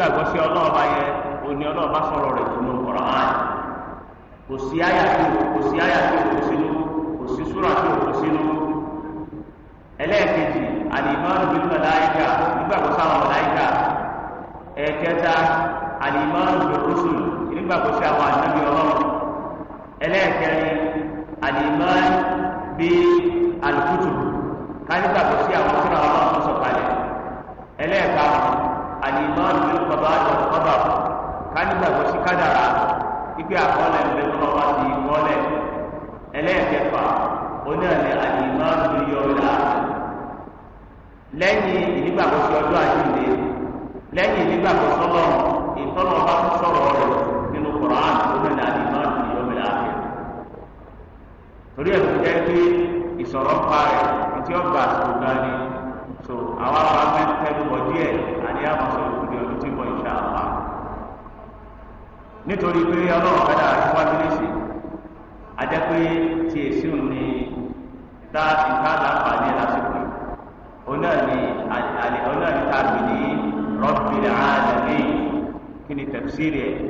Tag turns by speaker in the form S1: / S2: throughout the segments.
S1: nígbàgbọ́ sí ọlọ́ọ̀ba yẹn òní ọlọ́ọ̀ba sọ̀rọ̀ rẹ̀ sínú ọ̀rọ̀ hàn kò sí àyà tí o kò sí àyà tí o kò sínú kò sí súrà tí o kò sínú ẹlẹ́ẹ̀kejì àlìmọ́nù bíi màláíkà nígbàgbọ́ sáwọn màláíkà ẹ̀ẹ̀kẹta àlìmọ́nù bíi rúṣùlù nígbàgbọ́ sí àwọn ànábì ọlọ́run ẹlẹ́ẹ̀kẹrin àlìmọ́nù nígbàgbọ́ sí ọjọ́ àjíǹde lẹ́yìn nígbàgbọ́ sọ́lọ́ ìtọ́nà ọba tó sọ̀rọ̀ rẹ̀ nínú Koran tó mẹ́lẹ̀ àti náà ti yọ mẹ́lẹ̀ àti. torí ẹ̀sùn jẹ́ pé ìsọ̀rọ̀ pa rẹ̀ etí ọgbà àsìkò gan ni so àwa wa mẹ́tẹ́nu bọ̀ díẹ̀ àní àmọ̀sọ̀ òkúdi ọdún tí mo ìṣe àpá. nítorí pé ọlọ́run fẹ́ dára síwájú lẹ́sìn ajẹ́ Siria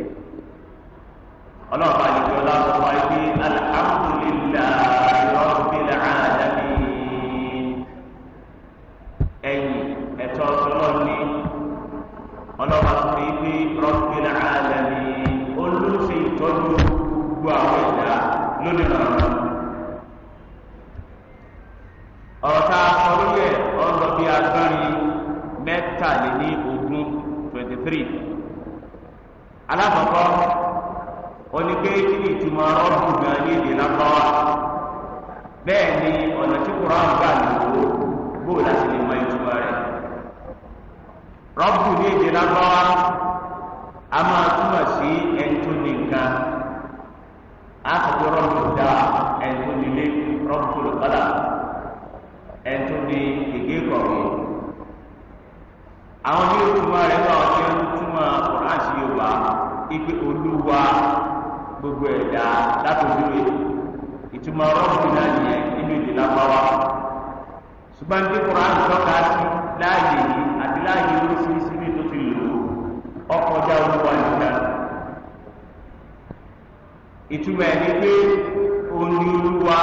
S1: olúwa gbogbo ẹ̀dá látòjúwe ìtumọ̀ rọ́ọ̀bù náà nìyẹn nínú ìdí lápáwá ṣùgbọ́n tí koran tọ́ka sí láàyè yìí àti láàyè oríṣiríṣi ní tó ti lò ó ọkọjá olúwa nìkan ìtumọ̀ ẹ̀ ni pé òun ni olúwa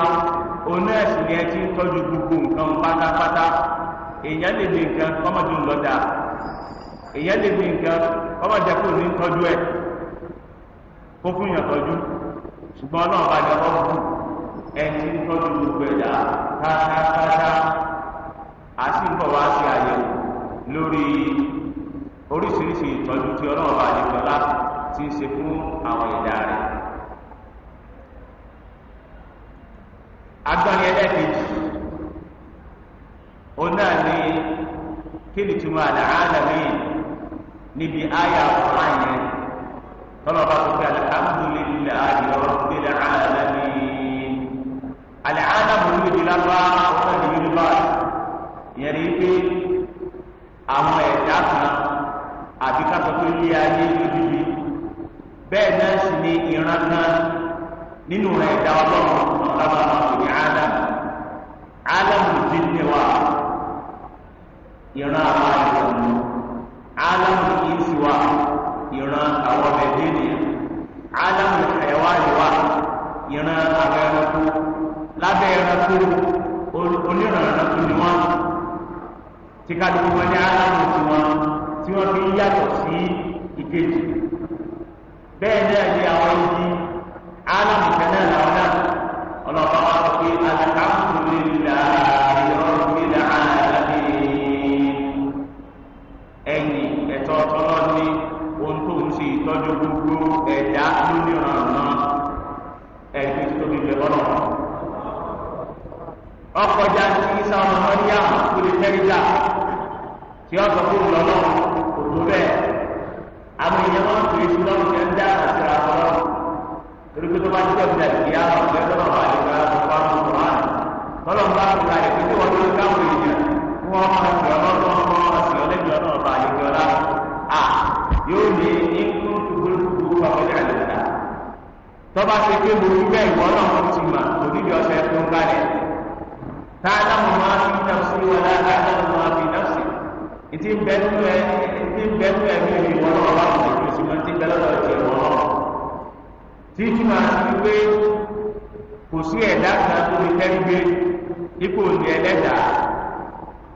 S1: òun náà sì ni ẹ ti ń tọ́jú gbogbo nǹkan pátápátá èèyàn lè ní nǹkan kọ́mọdé ńlọ́dà èèyàn lè ní nǹkan kọ́mọdé kò ní tọ́jú ẹ̀. kó fún yàn tọ́jú ṣùgbọ́n náà bá fún ẹni tí ń tọ́jú gbogbo ẹ̀dá ń bọ̀ wá sí àyẹ̀wò lórí oríṣiríṣi ti ń ṣe fún àwọn ẹ̀dá rẹ̀. agbọ́n ẹlẹ́kejì òun náà ní kí ni túmọ̀ àdáhà nàmí níbi àyà ọ̀rọ̀ tọ́lọ̀ bá tó kí alihamudulilayi rabbil alamin alihamudulilayi lábá ọ̀sẹ̀ ní yunifásitì yẹn ni pé àwọn ẹ̀dá kan àti kátó tó lé ayé lójúbi bẹ́ẹ̀ náà sì ni ìran kan nínú ẹ̀dá ọlọ́run ọ̀làbà ọ̀sẹ̀ ádámù ádámù wa ìran àwọn. ìran àwọn ẹranko lábẹ́ ẹranko onírànranko ni wọ́n ti ká ló wọn ní aláwọ̀ tiwọn tí wọ́n fi yàtọ̀ sí ìkejì bẹ́ẹ̀ náà ni àwọn ibi aláwọ̀ kan náà làwọn náà ọlọ́pàá. tí wọ́n sọ fún ìlọ́nà òtún bẹ́ẹ̀ àwọn èèyàn máa ń pè é sí lọ́rùn tẹ́ ń dá àti ra ọlọ́run torí pé tó bá jẹ́ ọ̀gbìn àti ìyá ọ̀gbìn tó bá lè gba ọ̀pá ọ̀pá ọ̀pá tọ́lọ́n bá ti kalẹ̀ pé tí wọ́n tó dáhùn èèyàn fún wọn máa pè ọ́ lọ́dún wọn máa pè ọ́ lẹ́gbẹ̀ẹ́ ọ̀nà ọ̀pá àlejò ọ̀la à yóò ní ikú gbogbo ọ̀gbìn àlejò tọ́ba ṣe pé mo rí ìwọ náà ti mà òdìdí ọ̀sẹ̀ tó ń kalẹ̀ ìtì ń bẹ nínú ẹ ìtì ń bẹ nínú ẹ ní ìlú ìwọ náà wà lóṣù tó sì máa ti bẹ lọ́dọ̀ ìtì ìwọ náà tí ìtì máa ti pé kò sí ẹ̀dá kan tó lè tẹ́lí gbé ipò ní ẹlẹ́dà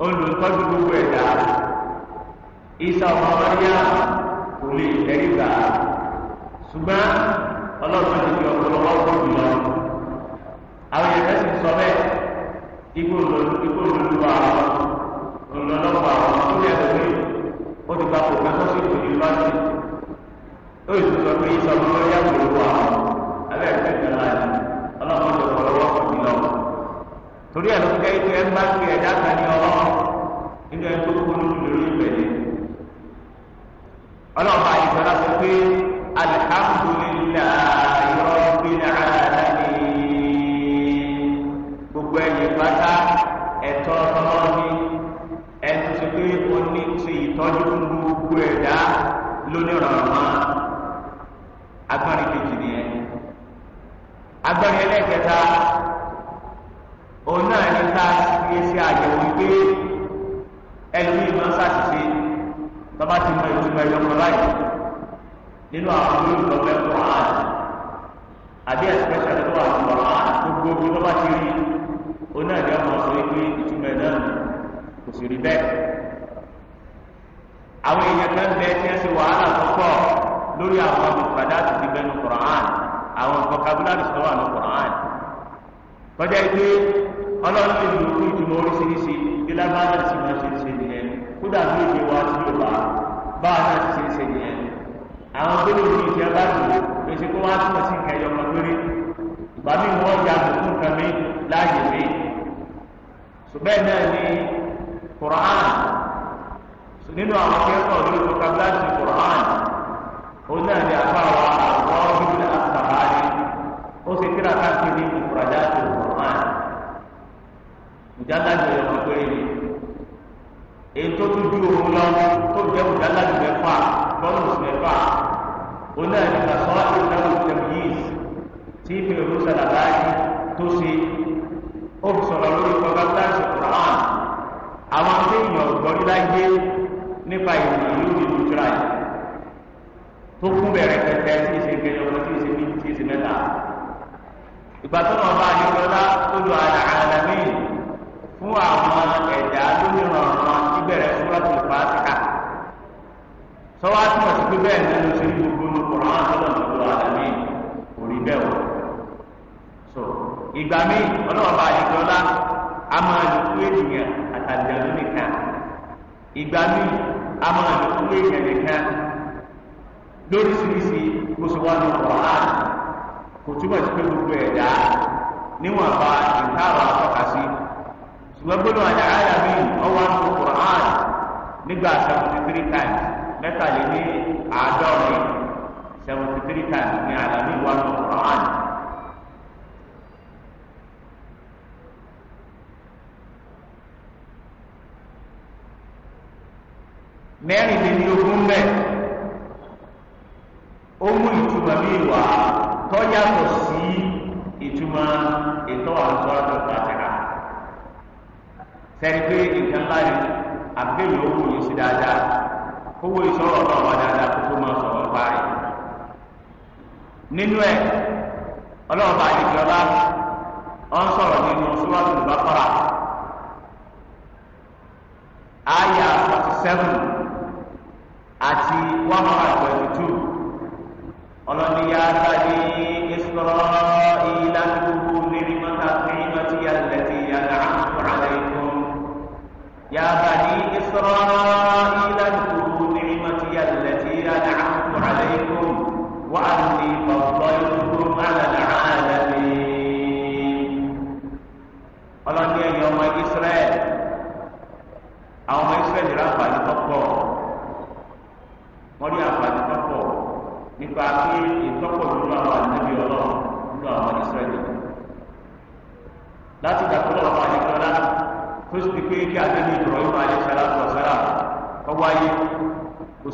S1: olùtọ́jú gbogbo ẹ̀dá ìsà ọmọ ọlọ́yà kò lè tẹ́lí gbà ṣùgbọ́n ọlọ́run ti fi ọ̀pọ̀lọpọ̀ ọ̀pọ̀ jù lọ àwọn ẹ̀dá sọ bẹ́ẹ̀ ipò lòlúwa ọ̀pọ̀ ìlọ́lọ́pọ̀ àwọn tó yẹ lórí ó ti papò kan tó sì kò ní lọ́sí ó yìí sọ pé ìsọmọ ló yà wò lówó àwọn ẹlẹ́ẹ̀kẹ́ kan láti ọlọ́run tó kọ lọ́wọ́ kò ní lọ. torí ẹ̀ ló ń kẹ́ ike ẹ̀ ń bá ti ẹ̀dá kan ní ọlọ́run nínú ẹ̀ tó kó lórí lórí ìbẹ̀lẹ̀. ọlọ́run bá sọ pé alẹ́ nínú àwọn olóòtú ọ̀fẹ́ Quran àbí ẹ̀sìpẹ́sẹ̀ tó wà ní Quran gbogbo bí wọ́n bá ti rí oní àjọ ọmọ sọ pé ìtumọ̀ ẹ̀ náà kò sì rí bẹ́ẹ̀. àwọn èèyàn kan bẹ tí wọ́n ṣe wàhálà púpọ̀ lórí àwọn olùpàdé àti ti bẹnu Quran àwọn vocabulary tó wà ní Quran kọjá ìgbé ọlọ́run ti lù kú ìtumọ̀ oríṣiríṣi bí lágbára ti máa ṣe ṣe nìyẹn kódà bí èdè wa ti àwọn gbólóhùn ní ìfẹ́ bá dùn pèsè kó wá túmọ̀ sí nǹkan ẹ̀yọ ọmọ péré ìgbà míì wọ́n ya àbùkù nǹkan mi láàyè mi ṣùgbọ́n náà ni Quran nínú àwọn akẹ́kọ̀ọ́ lórí vocabulary Quran ó náà ni àbáwá àwọn ọ̀gbìn àtàbáyé ó sì kíra káàkiri ìfúradá tó Quran ìjádájọ ẹ̀yọ ọmọ péré ni èyí tó tún ju òun lọ tó jẹ́ ìjádájọ mẹ́fà lọ́nà mẹ́fà. هناك خصائص له التمييز تيجي الروس الأباعي توسي أبصر لوري فقط درس القرآن àwọn akéèyàn ògbọ́rí láyé nípa ìròyìn ìlú ìlú ìtura yìí tó kún bẹ̀rẹ̀ pẹ̀pẹ̀ tí ìṣe kẹyọ ọmọ tí ìṣe méjì tí ìṣe mẹ́ta ìgbà tó náà bá adékọlá tó lo fún àwọn ẹ̀dá lónìí rọrùn ìbẹ̀rẹ̀ bẹ́ẹ̀ lẹ́nu sí gbogbo ní kọ̀ọ̀rọ̀ àtọ́lọ̀ lọ́dọ̀ àdàmì kò bẹ́ẹ̀ wọ̀. so ìgbà míì ọlọ́wọ́ bá àdìgbò ọlá a máa lò fún ènìyàn àtàlùjàdù nìkan ìgbà míì a máa lò fún ènìyàn nìkan lóríṣiríṣi kó sì wá ní kọ̀ọ̀rọ̀ àdàmì kò túbọ̀ sí pé gbogbo ẹ̀dá níwọ̀n bá ìtara àtọ́ka sí ṣùgbọ́n gbọ́dọ̀ àdàrà mi ọwọ́ àti àdàmì nígbà seventy times mẹ́tàléní àádọ́rin seventy three times ní àlàní ìwà ní Quran. mẹ́rìndínlógún bẹ́ẹ̀ ó mú ìtumọ̀ bí ìwà tó yàtọ̀ sí ìtumọ̀ ètò àtúntò àtàkà sẹ́ni pé ìkan láàyè àgbélòó wòye sí dáadáa kówó ìsọ̀rọ̀ náà wà dáadáa kó tó máa sọ̀rọ̀ pa rẹ̀ nínú ẹ̀ ọlọ́run bá yìí lọ́la ọ ń sọ̀rọ̀ nínú suratul Baqara àyà forty àti one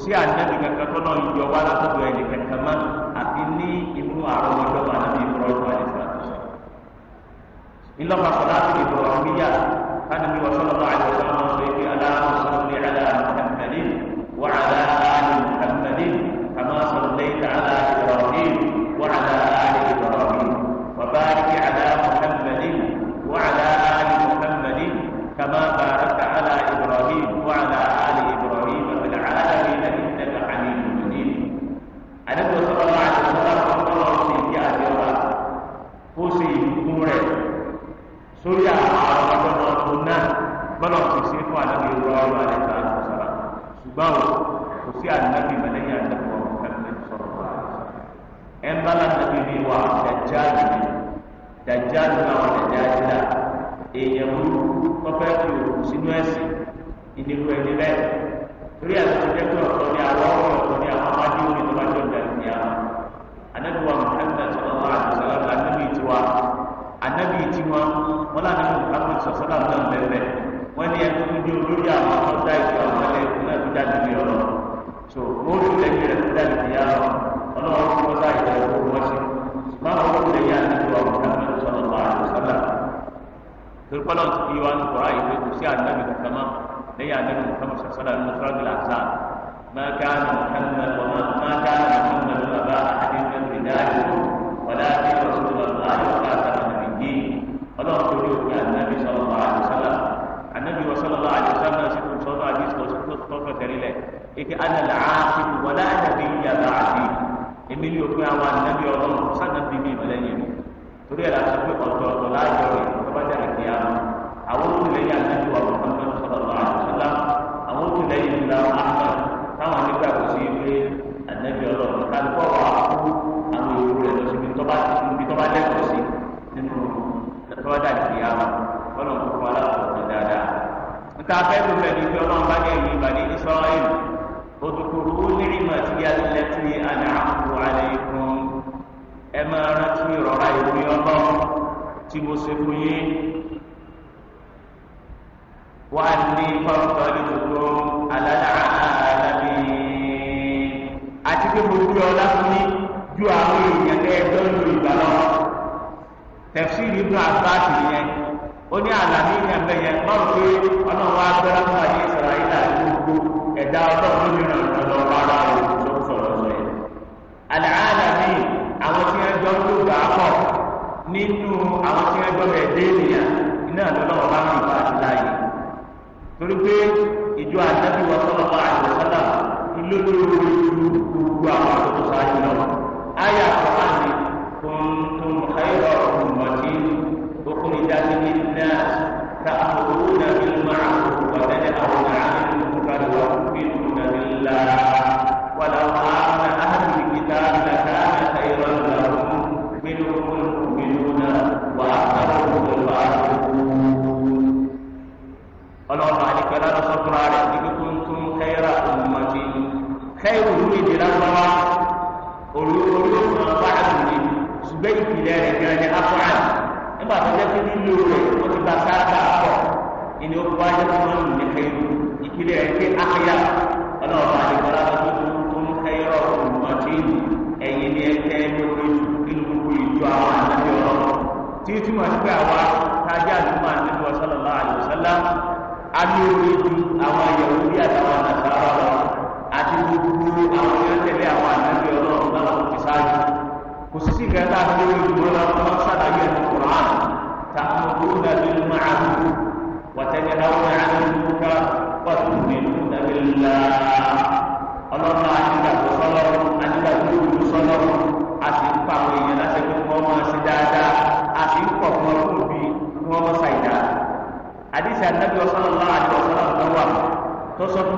S1: sí ànábì kankan tọ́lọ́ ìjọ wa látọ̀dọ̀ ẹni kankan mọ́ àti ní inú àrọ́wọ́dọ́wọ́ ànábì ìfọwọ́sowọ́sọ. ńlọ́pàá bawo ko si annabi malaya da ko kanne sorwa en bala nabi bi wa dajjal bi dajjal na wa dajjal e yamu ko fa ko sinwesi indi ko ni be riya ko de ko ko ya kọ́lọ̀ ti fi wá ní kọ́ra ìwé kò sí ànábì kankan mọ́ lẹ́yìn ànábì kankan mọ́ sọ̀sọ́dà nínú sọ́ọ́dù làzà máa ká ní kankan mọ́ máa ká ní kankan mọ́ bàbá àti nínú ìdájọ́ wọlé àti ìrọ̀sọ̀tò àlọ́ àti àtàkùn yìí ọlọ́run tó dé òkè ànábì sọ̀rọ̀ àdìsọ́lá ànábì wọ́sọ̀lá àdìsọ́lá sí kò sọ́dọ̀ àdìsọ́lá tó tọ́ torí ẹ̀ la sọ pé ọ̀tọ̀ọ̀tọ̀ láàjọ rẹ̀ àlùkìyàmà àwọn tó lẹ́yìn àtúntò àwọn ọmọdé sọlọ àlùsọlá àwọn tó lẹ́yìn ìlà àmà táwọn nígbà kò sí ilé ànẹbí Ọlọ́run kálukọ wà fún àwọn èrò rẹ lọ síbi tọba síbi tọba lẹkọọ sí mo ṣe fún yín. وأني فضلتكم على العالمين àti pé mo gbé ọlá fún yín ju àwọn èèyàn tẹ ẹjọ́ ìlú ìgbà lọ tẹfsiri ibùdó àgbáàtì yẹn ó ní àlàní ìyẹn bẹyẹ lọ́rù pé ọlọ́run wa gbẹ́rẹ́ fún àyè ìsọ̀rọ̀ ayé náà ní gbogbo ẹ̀dá ọlọ́run ló ní ọ̀dọ̀ rárá o tó ń sọ̀rọ̀ sọ yẹn. àwọn tí wọ́n jọ ń lò gbà pọ̀ nínú àwọn tí wọ́n jọ bẹ̀ dé ènìyàn iná lọ́wọ́ bá ń bá àti láàyè torí pé ìjọ àtàbí wa sọ́nà bá àjọ sọ́nà ìlú lórí gbogbo àwọn àtọ́tọ́ sáájú náà afọ́nà nígbà tó lẹ́sẹ̀ nílò rẹ̀ ó ti gba sáàbà pọ̀ ìní ó wá yẹ kó lọ́nù ní kẹyọ ìpínlẹ̀ rẹ̀ ké àkẹyà ọlọ́ọ̀bà àdìgbọ́lá tó tó ń kẹyọ ọ̀gbọ̀n tí ẹ̀yìn ní ẹ̀kẹ́ lórí nínú gbogbo ìjọ àwọn àdájọ́ ọlọ́run tí ó túmọ̀ sí pé àwa kò sí nǹkan tá a fi lórí ìdúró náà wọn ṣàlàyé ẹnu kùrán tá a mọ kúrò dàbí ní máa ń kú wàtẹ́ni dáwọ́ ní àná ìlú ká pàtó ní ìlú dàbí ńlá ọlọ́pàá àdìgbàgbọ́ sọlọ́run àdìgbàgbọ́ ìlú sọlọ́run a sì pa àwọn èèyàn láti ẹgbẹ́ wọn máa ṣe dáadáa a sì ń pọ̀ fún ọdún òbí kí wọ́n mọ́ ṣàìdá àdìsí àdìgbàgbọ́ sọlọ́run láwọn àdìgbàgbọ́ sọlọ́run lọ́wọ́ tó sọ fún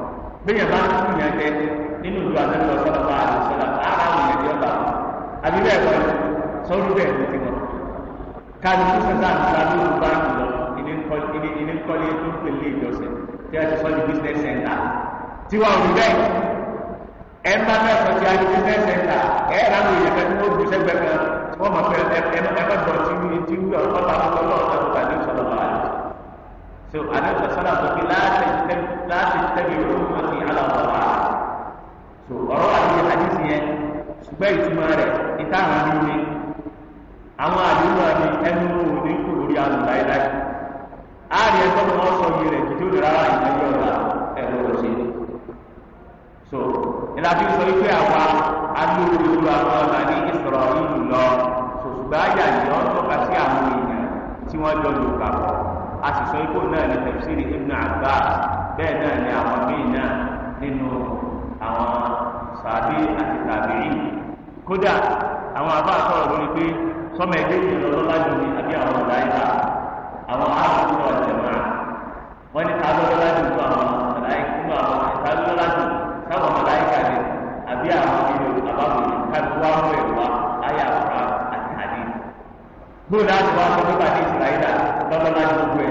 S1: bẹ́ẹ̀ bá ń kú yẹn tẹ nínú ìlú àtẹ́tọ̀ sọ́dọ̀ bá àlè sọ́dọ̀ ara àwọn ẹ̀dí ọba àbí bẹ́ẹ̀ kọ́ sọ́dún bẹ́ẹ̀ ló ti mọ̀ káàdì tó sẹ́sà àtúntà ló ń bá lọ ilé ńkọ́lé tó ń pèlè ìjọsìn tí a ti sọ ní business center Tiwa wọ́n rí bẹ́ẹ̀ ẹ bá bẹ́ẹ̀ sọ ti a ní business center ẹ rà àwọn èèyàn kan tí wọ́n gbèsè gbẹ kan wọ́n mọ̀ pé ẹ bá gbọ́ tí wọ́n ti wú ọ̀pá so àdéhùn sọ́lá tó fi láti tẹ́bi olóhùn wọn sí aláwọ̀ wá so ọ̀rọ̀ wà ní àdísì yẹn ṣùgbọ́n ìtumọ̀ rẹ̀ ìta àwọn ọdún mi àwọn àdúgbò àmì ẹnu òun ní kò lórí àlùm láéláé àárí ẹgbẹ́ mi wọ́n sọ yìí rẹ̀ kí tó lè rárá ìdájọ́ ọ̀la ẹ̀rọ rẹ̀ ṣe so ìlàbí sọ wípé àwa alóore olú àwọn ọ̀la ní ìsọ̀rọ̀ ìlú lọ sòṣùgbọ́n àyà yìí wọ́n tọ́ka sí àwọn èèyàn tí wọ́n jọ lò papọ̀ a sì sọ ikú náà ní tafsiri ibn abbas bẹ́ẹ̀ náà ní àwọn míì náà nínú àwọn sàbí àti tàbíyì kódà àwọn àbá sọ̀rọ̀ lórí pé sọmọ ẹgbẹ́ ìlú ọlọ́lájú ni àbí àwọn ọ̀dà ìta àwọn aráàlú náà jẹ̀ máa wọ́n ní káàdọ́ lọ́lájú fún àwọn ọ̀dàláìkà nínú àwọn ìtàlú lọ́lájú táwọn ọ̀dàláìkà ni àbí àwọn ìlú àbáwọ̀ yìí káàdọ́ wá wọ̀ ẹ̀ wá ayé àwòrán àti àdé. gbọ́dọ̀ àti wá sọ ní gbogbo ẹ̀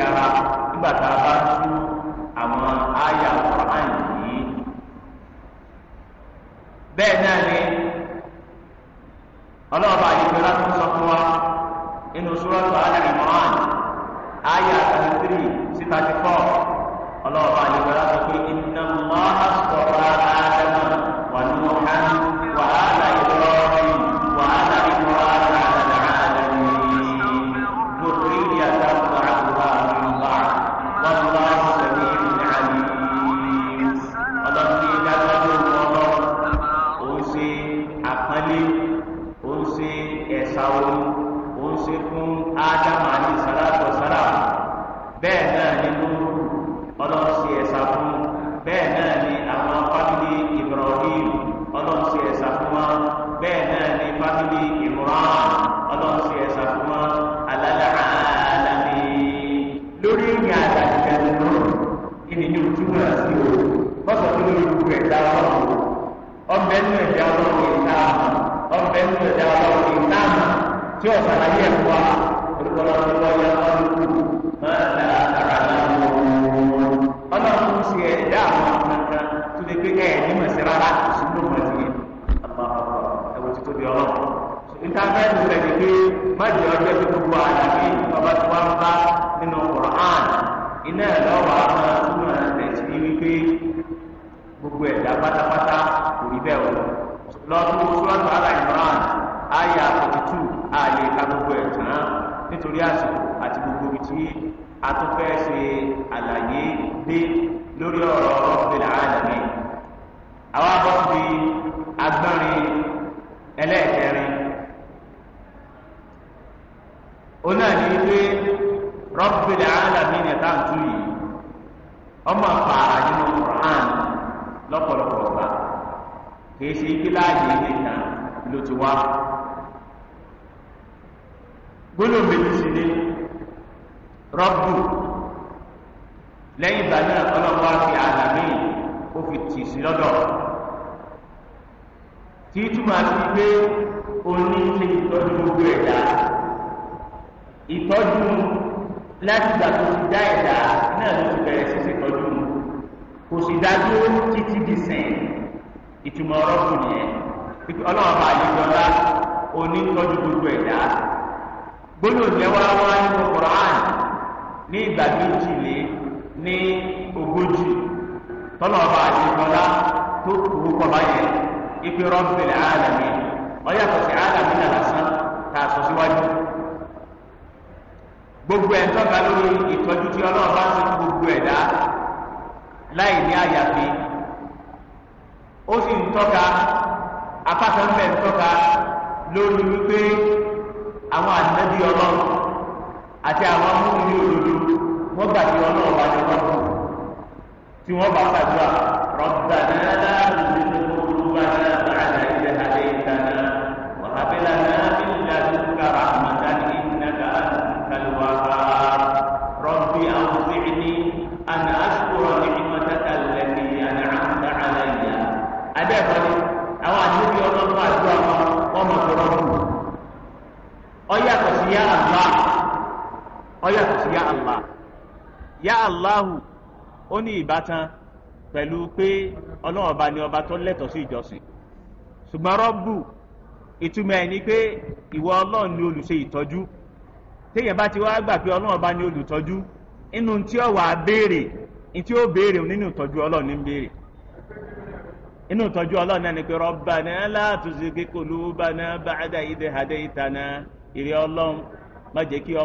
S1: ara nígbà tá a bá ọmọ àpàrà nínú Quran lọ́pọ̀lọpọ̀ ọ̀gbà kìí ṣe kíláàsì ìdènà ló ti wá. gbólóhùn méjì sí ni rọ́bù lẹ́yìn ìgbà náà ọlọ́wọ́ fi àlàmì ó fi tì sí lọ́dọ̀ tí túmọ̀ sí pé oní ṣe ìtọ́jú gbogbo ẹ̀dá ìtọ́jú láti gbà tó ti dá ẹ̀dá náà ló ti bẹ̀rẹ̀ sí. kò sì dájú títí di sìn ìtumọ̀ ọ̀rọ̀ kù nìyẹn ọlọ́run bá yí lọ́lá onítọ́jú gbogbo ẹ̀dá gbólóhùn yẹn wá nínú Qur'an ní ìgbà méjì lé ní ogójì tọ́lọ̀ ọba àti ìtọ́lá tó yẹn ipe Rabbil alamin ọ̀yàtọ̀ sí àlàmì náà lásán tá sọ síwájú gbogbo ẹ̀ tọ́ka lórí ìtọ́jú tí ọlọ́run bá láì ní àyàfi ó sì ń tọ́ka apákanfẹ́ ń tọ́ka lórí wípé àwọn ànábì ọlọ́run àti àwọn amúnilé òdodo wọ́n gbà tí ọlọ́run bá ní wọ́n tí wọ́n bá gbàdúrà rọ̀bìtà ní ẹ̀dá lórí. Allahu ó ní ìbátan pẹ̀lú pé ọlọ́run ọba ni ọba tó lẹ́tọ̀ọ́ sí ìjọsìn ṣùgbọ́n rọ́bù ìtumọ̀ ẹ̀ ni pé ìwọ ọlọ́run ni olùṣe ìtọ́jú téèyàn bá ti wá gbà pé ọlọ́run ọba ni olùtọ́jú inú tí ó wà á béèrè tí ó béèrè nínú ìtọ́jú ọlọ́run ní béèrè inú ìtọ́jú ọlọ́run náà ni pé kíkó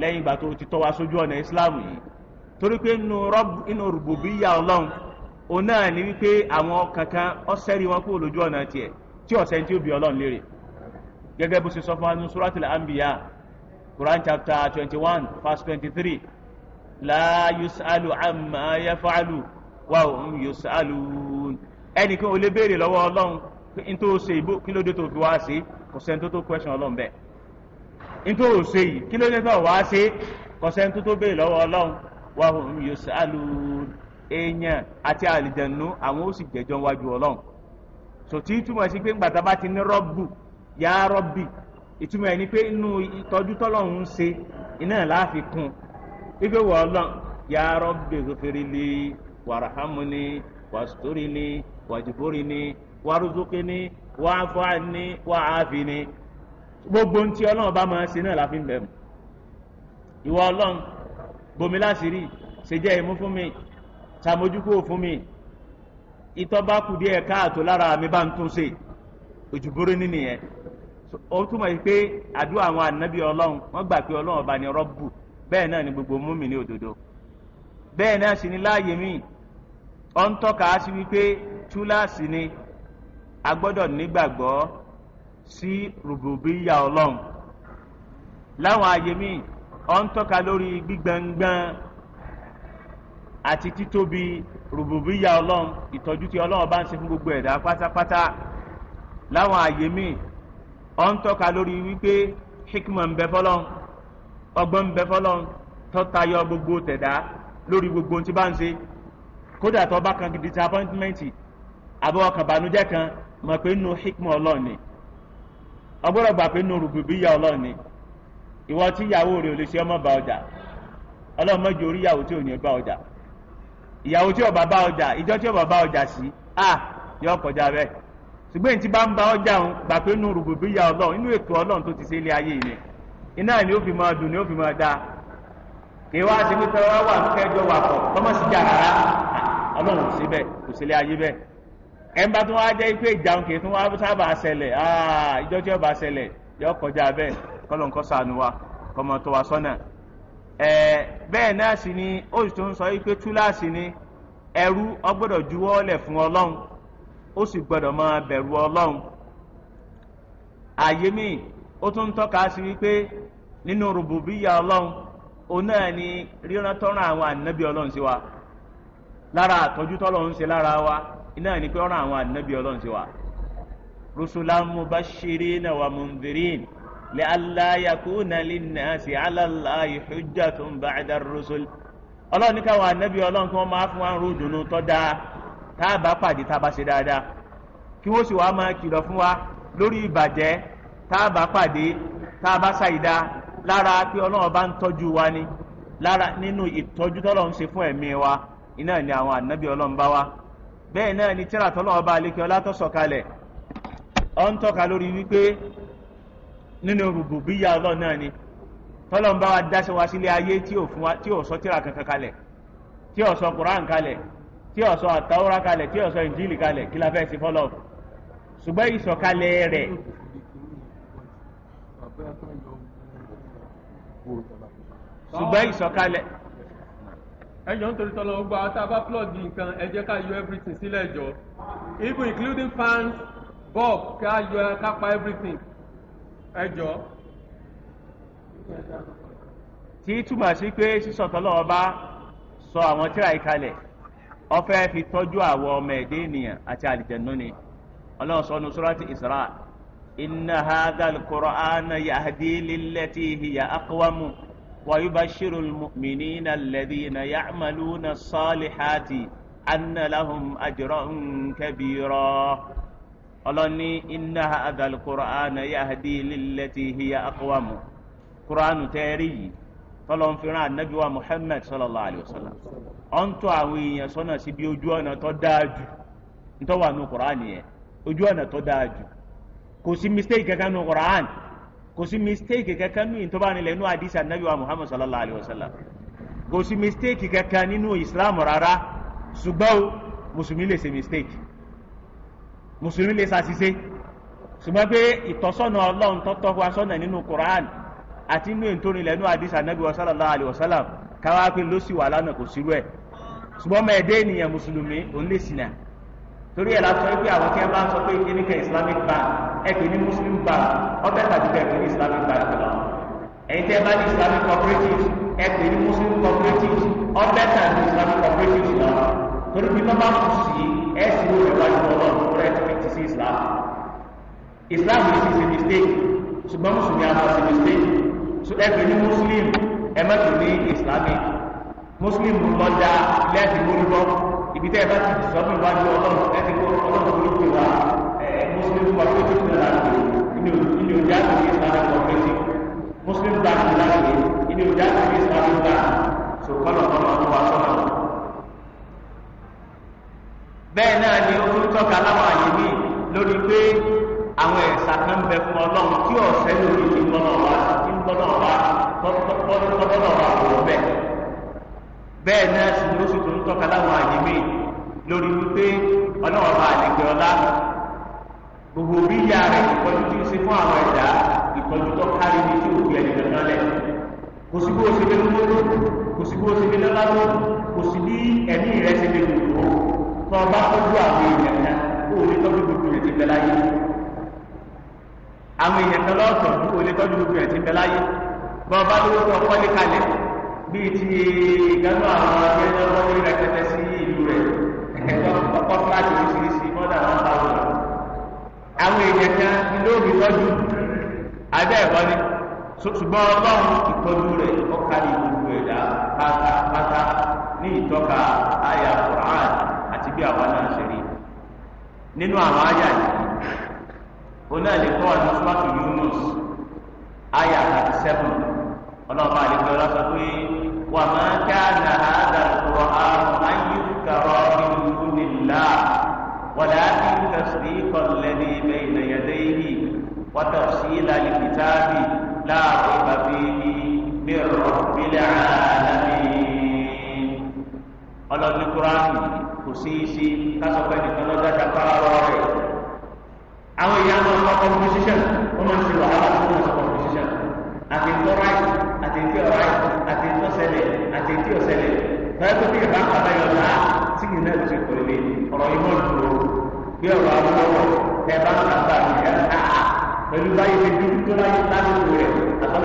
S1: lẹ́yìn ìgbà tó ti tọ́ wa sójú ọ̀nà islam yìí torí pé inú rububiyya ọlọ́run òun náà ni wípé àwọn kankan ọ̀sẹ́rì wọn kúrò lójú ọ̀nà tiẹ̀ tí ọ̀sẹ̀ tí ó bí ọlọ́run léèrè gẹ́gẹ́ bó ṣe sọ fún wa anbiya quran chapter twenty one verse twenty three la yusalu amma yafalu wa hum ò lè béèrè lọ́wọ́ ọlọ́run n tó ṣe ìbò kí ló tó fi wá sí kò sẹ́ni tó tó question ọlọ́run bẹ́ẹ̀ nítorí òṣè yìí kí ló dé tó wá ṣe kọsẹ́ni tó tó lọ́wọ́ ọlọ́run wa hum yusalun èèyàn àti àlìjẹ̀nu àwọn ó sì jẹjọ́ wájú ọlọ́run sòtí túmọ̀ sí pé ńgbà tá bá ti ní rọ́bù yá rọ́bì ìtumọ̀ ẹ̀ ni pé inú ìtọ́jú tọ́lọ́run ń ṣe iná láàfin kún ife ọlọ́run yá rọ́bì òfèrè lè wàràhámu ni wàsítórí ni wàjúbórí ni wàrúzókè ni wàáfáà ni wàáfin ni gbogbo ntí ọlọ́run bá máa ṣe náà la fi ń bẹ̀rù ìwọ ọlọ́run bomi láṣìírí ṣèjẹ́ ìmú fún mi ṣàmójúkú fún mi ìtọ́ bá kù díẹ̀ káàtó lára mi bá ń tún ṣe òjùbúrú nínú yẹn ó túmọ̀ yìí pé àdúrà àwọn ànábì ọlọ́run wọ́n gbà pé ọlọ́run ọba ni rọ́bù bẹ́ẹ̀ náà ni gbogbo múmi ní òdodo bẹ́ẹ̀ náà sì ni láàyè mí ọ̀ ń tọ́ka sí wípé túláàsì ni a nígbàgbọ́ sí rògbòbíyà ọlọ́run láwọn àyè míì ọ ń tọ́ka lórí gbígbẹ̀ngbẹ̀n àti títóbi rògbòbíyà ọlọ́run ìtọ́jú tí ọlọ́run bá ń ṣe fún gbogbo ẹ̀dá pátápátá láwọn àyè míì ọ ń tọ́ka lórí wípé hikma ń bẹ fọlọ́n ọgbọ́n ń bẹ fọlọ́n tọ́tayọ gbogbo tẹ̀dá lórí gbogbo ohun tí bá ń ṣe kódà tó bá kan disappointment àbọ̀ ọkàn bànújẹ́ kan mọ̀ pé nínú hikma ọlọ́run ọgbọ́dọ̀ gbà pé ya ọlọ́run ni ìwọ tí ìyàwó rẹ̀ ò lè ṣe ọmọ ọjà ọlọ́run mọ́jọ orí ìyàwó tí ò ní bá ọjà ìyàwó tí ọba bá ọjà ìjọ tí ọba bá ọjà sí a yọ kọjá bẹ́ẹ̀ ṣùgbọ́n èyí bá ń ba ọjà ń gbà pé ya ọlọ́run inú ètò ọlọ́run tó ti ṣe ilé ayé iná ẹnba tó wá jẹ́ pé ìjàun kì í tún wá sábà ṣẹlẹ̀ ah, ìjọ tí ó bá ṣẹlẹ̀ yọ kọjá bẹ́ẹ̀ kọ́lọ̀ ń kọ́ sànù wa kọ́mọ tó wa sọ́nà. bẹ́ẹ̀ náà sì ni ó sì tún sọ pé túláàsì ni ẹrú ó gbọ́dọ̀ juwọ́ lẹ̀ fún ọlọ́run ó sì gbọ́dọ̀ máa bẹ̀rù ọlọ́run. àyè ó tún ń tọ́ka sí wípé nínú rùbùbíyà ọlọ́run òun náà ni ríran tọ́ran àwọn ànábì ọlọ́run sí wa lára àtọ́jú tọ́lọ́run ṣe lára wa iná ní pé ọ̀ràn àwọn ànábì ọlọ́run ti wà rusulan mubashirina wa mundhirin la'alla yakuna linnasi 'ala Allahi hujjatun ba'da ar-rusul ọlọ́run ní káwọn ànábì ọlọ́run kí wọ́n máa fún wa ń ro dùnú tọ́ dáa tá a bá pàdé tá a bá ṣe dáadáa kí wọ́n sì wá máa kìlọ̀ fún wa lórí ìbàjẹ́ tá a bá pàdé tá a bá ṣàìdá lára pé ọlọ́run bá ń tọ́jú wa ni lára nínú ìtọ́jú tọ́lọ́run ṣe fún ẹ̀mí wa iná ni àwọn ànábì ọlọ́run bá wa bẹ́ẹ̀ náà ni tíra ọba ọlá ọ ń tọ́ka lórí wípé nínú gbogbo náà ni tọ́lọ́ ń bá wa dáṣẹ́ wa sílé ayé tí ò sọ tíra kankan kalẹ̀ tí ò sọ kuran kalẹ̀ tí ò sọ àtàwọ́rá kalẹ̀ tí ò sọ ìjìnlẹ̀ kalẹ̀ kí la fẹ́ fọ́lọ́ ṣùgbọ́n rẹ̀ ẹjọ́ nítorí tọ́lọ́ gbogbo àwọn tá a bá plug nǹkan ẹ ká yọ everything sílẹ̀ jọ even including fans bulb ká yọ ká pa everything ẹ jọ. tí túmọ̀ sí pé sísọ tọ́lọ́ ọba sọ àwọn tíra yìí kalẹ̀ ọfẹ́ fi tọ́jú àwọn ọmọ ẹ̀dẹ́ ènìyàn àti àlìjẹ̀nú ni ọlọ́run sọ nu sọ́rọ́tì Isra inna hadha al-Qur'ana yahdi lillati hiya aqwamu. ويبشر المؤمنين الذين يعملون الصالحات أن لهم أجرا كبيرا ọlọ́ni iná adàlùkùránà yahdi lílẹ̀tì hiya akọ́wàmù kùránù tẹ́ẹ̀rí yìí tọ́lọ́ ń fìràn ànábìwá muhammed sallallahu alayhi wa sallam ọ̀ ń tọ́ àwọn èèyàn sọ́nà síbi ojú ọ̀nà tó dáa jù ń tọ́ wà nù kùránù yẹn ojú ọ̀nà tó dáa jù kò sí mistake kankan nù kùránù kò sí mistake kankan nínú ìtọ́ba nílẹ̀ inú àdìsí anabi wa muhammad sallallahu alayhi wa sallam kò sí mistake kankan nínú islam rárá ṣùgbọ́n o mùsùlùmí lè ṣe mistake mùsùlùmí lè ṣàṣìṣe ṣùgbọ́n pé ìtọ́sọ́nà ọlọ́run tọ́tọ́ wa sọ́nà nínú quran àti inú ìtọ́nilẹ̀ inú àdìsí anabi wa sallallahu alayhi wa sallam káwá pé ló sì wà lánàá kò sírú ẹ̀ ṣùgbọ́n mẹ́ẹ̀ẹ́dẹ́ ènìyàn mùsùlùmí òun lè ṣìnà torí ẹ̀ lásán wípé àwọn tí wọ́n bá ń sọ pé kíní kan islamic bank ẹ pè ní muslim bank ọbẹ̀ tàbí bẹ́ẹ̀ pè ní islamic bank lọ ẹ̀yin tẹ́ bá ní islamic cooperative ẹ pè ní muslim cooperative ọbẹ̀ tàbí islamic cooperative lọ torí bí wọ́n bá kù sí ẹ sì wò rẹ̀ wájú ọlọ́run rẹ̀ tó fi ti sí islam islam yìí ti ṣe mistake ṣùgbọ́n mùsùlùmí a ṣe mistake so ẹ pè ní muslim ẹ má ní islamic muslim lọ́jà lẹ́ẹ̀dínwó ibi tẹ́ ẹ bá ti sọ́dún ìwájú ọlọ́run ẹ ti kó ọlọ́run tó ló pè wá muslim cooperative láti ní ilé òjá tó ní islamic cooperative muslim bank láti ilé òjá tó ní islamic bank so kọ́nà kọ́nà tó wá sọ́nà. bẹ́ẹ̀ náà ni ó tún tọ́ka láwọn àyè mi lórí pé àwọn ẹ̀sà kan ń bẹ fún ọlọ́run. kò sí bí o ṣe lè lówó tó kò sí bí o ṣe lè lọ́lá tó kò sí bí ẹ̀mí rẹ ṣe lè lò ó tó o bá tọ́jú àwọn èèyàn náà kó o lè tọ́jú gbogbo rẹ̀ ti bẹ láyé àwọn èèyàn kan lọ́ọ̀tọ̀ kó o lè tọ́jú gbogbo rẹ̀ ti bẹ láyé bọ́ọ̀ bá lówó tó ọkọ́ lé kalẹ̀ bíi ti ìdánù àwọn akẹ́kọ̀ọ́ lórí rẹ̀ sí ìlú rẹ̀ ẹ̀kọ́ ni ṣùgbọ́n ọlọ́run ìtọ́jú rẹ̀ ọ̀kárí gbogbo ẹ̀dá pátápátá ní ìtọ́ka àyà Quran àti bí àwa náà ṣe rí nínú àwọn àyà yìí oní àlékọ́ àti sùpàtù Yunus àyà thirty seven ọlọ́ọ̀bá àlékọ́ ọlá sọ pé wà máa ká nà á dà lọ́wọ́ àrùn ayé kàrọ́ ìlú nìlá ولكن تصديق الذي بين يديه وتفصيل لكتابه لا ريب فيه من رب العالمين ọlọ́ni kúránì kò sí sí kásọ̀pẹ́ nìkan ló dájà para rẹ̀ àwọn èèyàn máa ń kọ́ competition wọ́n máa ń ṣe wàhálà tó wọ́n sọ competition àti ń tọ́ ráì àti ń tí ọ̀rá àti ń tọ́ sẹlẹ̀ àti ń tí ò sẹlẹ̀ báyìí tó bí ìbá kàbá yọ náà tí yìí náà ti kọ̀ lé ọ̀rọ̀ yìí mọ̀ bí ọ̀rọ̀ àwọn ọ̀rọ̀ ẹ̀ bá ń kàbá yọ náà pẹ̀lú báyìí ti dúró láyé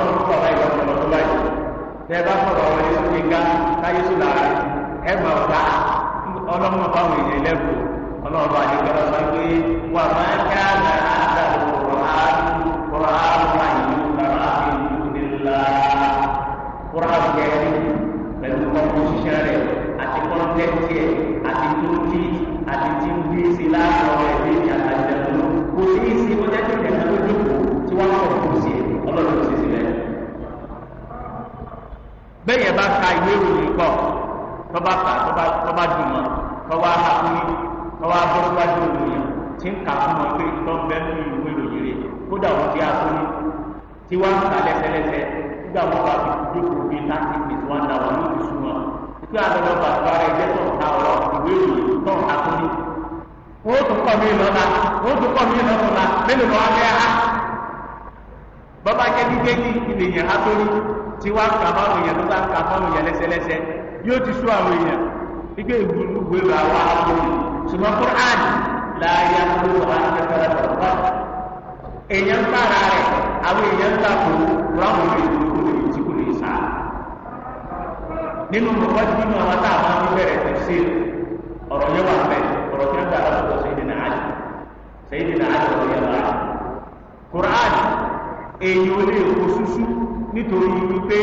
S1: ọlọ́run tó bàbá ìwà ọ̀nà tó báyìí tẹ bá sọ̀rọ̀ ọ̀rọ̀ yẹn sókè ga táyé sùn lára ẹ mà ọ̀tá ọlọ́run báwọn èèyàn lẹ́rù ọlọ́run bá àdégbẹ́lá sọ pé wà máa ń ká àgbà àgbà bẹ́ẹ̀ yẹn bá ka ìwé ìròyìn kọ́ tọ́ba kà tọ́ba tọ́ba tọ́ba àkúnyé tọ́ba abọ́lọ́gbájú ìròyìn tí ń kà fún wọn pé tọ́ bẹ́ẹ̀ ní ìwé ìròyìn rẹ̀ kódà wọn bí akúnyé tí wọ́n ń kà lẹ́sẹ̀lẹ́sẹ̀ nígbà wọn bá fi dúró bí láti fi tí wọ́n dà wọn lójú sún wọn pípẹ́ àlọ́ bá tó ara ẹgbẹ́ tó ń ta ọ̀rọ̀ ìwé ìròyìn tó ń akúnyé wọ́n tún kọ́ mi lọ́la kéèkì ilé yẹn á tóri tí wàá kà fáwọn èèyàn tó bá kà fáwọn èèyàn lẹ́sẹlẹ́sẹ yóò ti sú àwọn èèyàn wípé ìgbòlúgbò ìlú àwọn àkókò ṣùgbọ́n Qur'an láàyè àkókò àwọn akẹ́kọ̀ọ́ àtàwọn èèyàn ń bára rẹ̀ àwọn èèyàn ń takò ráwọn èèyàn tó kúrò èyí tí kò lè sá nínú mọ̀kọ́jú nínú àwọn táwọn àwọn bẹ̀rẹ̀ tẹ̀sí ọ̀rọ̀ yẹn wà bẹ́ẹ̀ ọ̀rọ̀ tí wọ́n gbà lọ́wọ́ Sayyidina Ali Sayyidina Ali ọ̀rọ̀ yẹn wà Qur'an èyí ò lè kó súsú nítorí wípé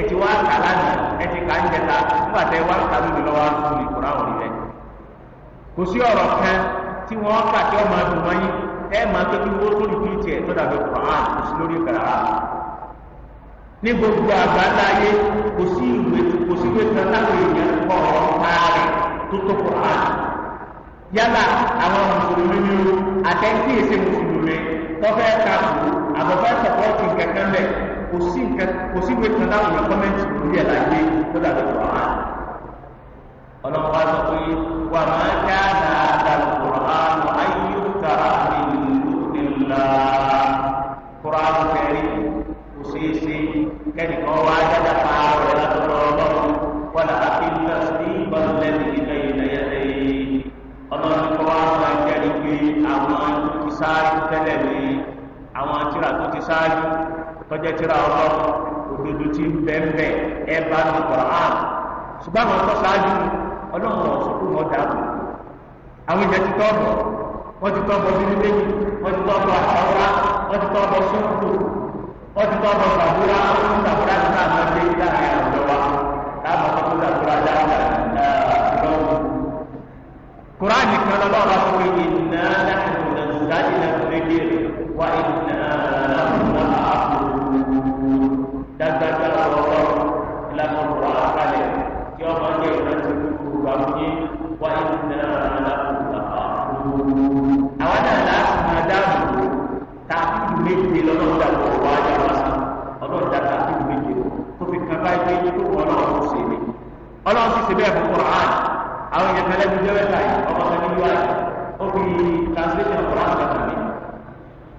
S1: ẹ ti wá kà lánàá ẹ ti kà ń jẹta nígbà tẹ wá kà lónìí lọ́wọ́ àtúntò ìkura òní rẹ kò sí ọ̀rọ̀ kan tí wọ́n kà tí ọmọ ẹ̀dùn wọn yín ẹ máa tó kí wọ́n tó lè tiẹ̀ tó dàbí kùrán kò sí lórí ìkàrà ní gbogbo àgbáńlá ayé kò sí ìwé kò sí ìwé kan táwọn èèyàn kọ́ ọ̀rọ̀ káàrẹ̀ tó tó kùrán yálà àwọn mùsùlùmí ni o àtẹ̀ńtì tọ́fẹ́ ta àbọ̀fẹ́ sọ̀pọ̀tì kankan bẹ̀ kò sí nǹkan kò sí wé kan láwùjọ kọ́mẹ́ntì lórí ẹ̀ láyé tó dàbí kùrọ̀án ọlọ́run wá sọ pé wà máa ká nàá kùrọ̀án ayé ká nílùú nílá kùrọ̀án fẹ́ẹ́ kò ṣeé ṣe kẹ́nìkan wá dá. ṣáájú tọ́jẹ́ tíra ọlọ́run òdodo tí ń bẹ́ẹ̀ ẹ bá ní Qur'an ṣùgbọ́n àwọn ọkọ̀ ṣáájú ọlọ́run ọ̀sùn kú wọn dàbò àwọn ìjẹ ti tọ́ bọ̀ wọ́n ti tọ́ bọ̀ bíbí méjì wọ́n ti tọ́ bọ̀ àtàwọ́rá wọ́n ti tọ́ bọ̀ sọ́kù wọ́n ti tọ́ bọ̀ sàbúrà wọ́n ti sàbúrà ti náà máa láàrin àwùjọ wa láàmú ọkọ̀ sàbúrà dáadáa ṣùgbọ́n Qur'an nìkan lọ́wọ́ wa fún ìnáná ìnáná ìnáná bẹ́ẹ̀ fún Quran àwọn èèyàn kan lẹ́gbẹ̀ẹ́ bẹ́ẹ̀ ta yìí ọmọ kan ní yúwa ó fi translation Quran lọ́kàn mi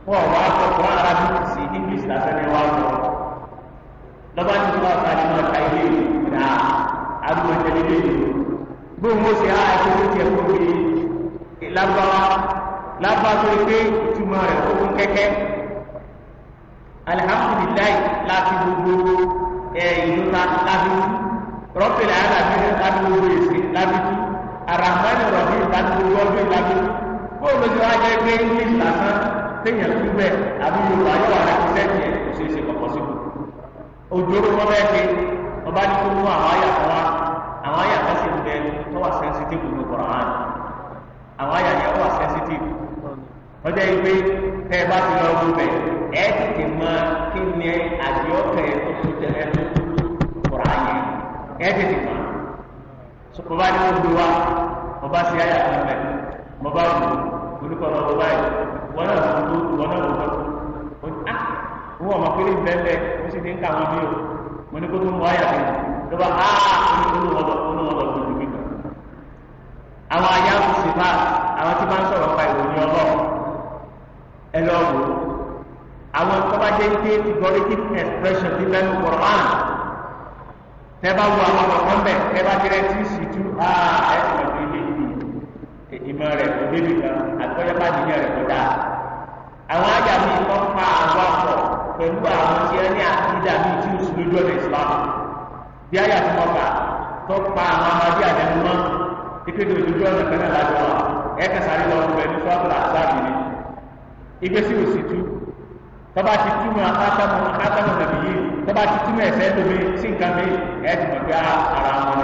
S1: wọ́n wá sọ Quran Arabic sí English lásán ní wá sọ lọ́ba ní ìlú ọ̀sán ní wọ́n ta ilé ìgbà àdúgbò tẹ̀lé ilé ìlú gbóhùn ó ṣe àìsí ó tiẹ̀ kó fi lábáwá lábá tó gbé ìtumọ̀ rẹ̀ ó fún kẹ́kẹ́ alihamudulilayi láti gbogbo ẹ̀ ìlú láti gbogbo rọ́pìlì alábìrin láti gbogbo èsì lábìtú aramani rọ̀bì láti gbogbo ọdún lábìtú bóòlù ti wá jẹ́ pé english lásán téèyàn tún bẹ́ẹ̀ àbí yorùbá yóò wà láti sẹ́yìn ẹ̀ kò ṣeé ṣe kọ̀kọ́ síbi òjòrò wọn bẹ́ẹ̀ pé ọba ní kó mú àwọn àyà kan àwọn àyà sì ń bẹ tó wà sensitive nínú Kùránì àwọn àyà yẹn wà sensitive ọjọ́ ìgbé tẹ́ ẹ bá ti lọ gbọ́ bẹ̀ ẹ́ tètè kí ni àdìọ́kẹ́ tó tó jẹ ẹ́ ẹ tètè wá sọpọba ni wọn gbé wá ọba sí ayé àti ọbẹ ọba wò olùkọ́ ọba ọba yìí wọn náà lọ tó wọn náà lọ tó ah, a wọn ọmọ pélé bẹ́ẹ̀ wọ́n sì ti ń kà wọ́n bí o mo ní kó tó ń wọ ayé àti lọ́ba a olùwọ́lọ́ olùwọ́lọ́ tó ti gbígbà àwọn ayé àwọn sì bá àwọn tí wọ́n sọ̀rọ̀ pa ìròyìn ọlọ́ ẹ lọ́wọ́ àwọn tó bá jẹ́ pé ìgbọ́rí expression ti bẹ́ẹ̀ ní kọ̀ọ̀án tẹ bá wo àwọn ọ̀pọ̀ ńbẹ tẹ bá jẹrẹ tí sì tú aa ẹ sì lọ sí ilé yìí ìmọ̀ rẹ̀ kò débi kan àgbẹ̀yẹ́ bá nìyẹn rẹ̀ kò dáa àwọn ajá mi kọ́ pa àwọn ọ̀pọ̀ pẹ̀lú àwọn tí ẹ ní àtijọ́ tí o sì lójú ọ̀nà Islam bí ayà tí wọ́n kà tó pa àwọn amadé àdéhùn mọ́ ìpèdè òjòjú ọ̀nà kan náà lájọ wa ẹ̀ kẹsàrí lọ́wọ́ pẹ̀lú sọ́ọ̀tù àṣà mi ni ìgbésí tọ́ba ti túmọ̀ átámù átámù nàbí yìí tọ́ba ti túmọ̀ ẹ̀sẹ̀ lómi sí nǹkan mi ẹ̀ ti mọ̀ pé ah, ara wọn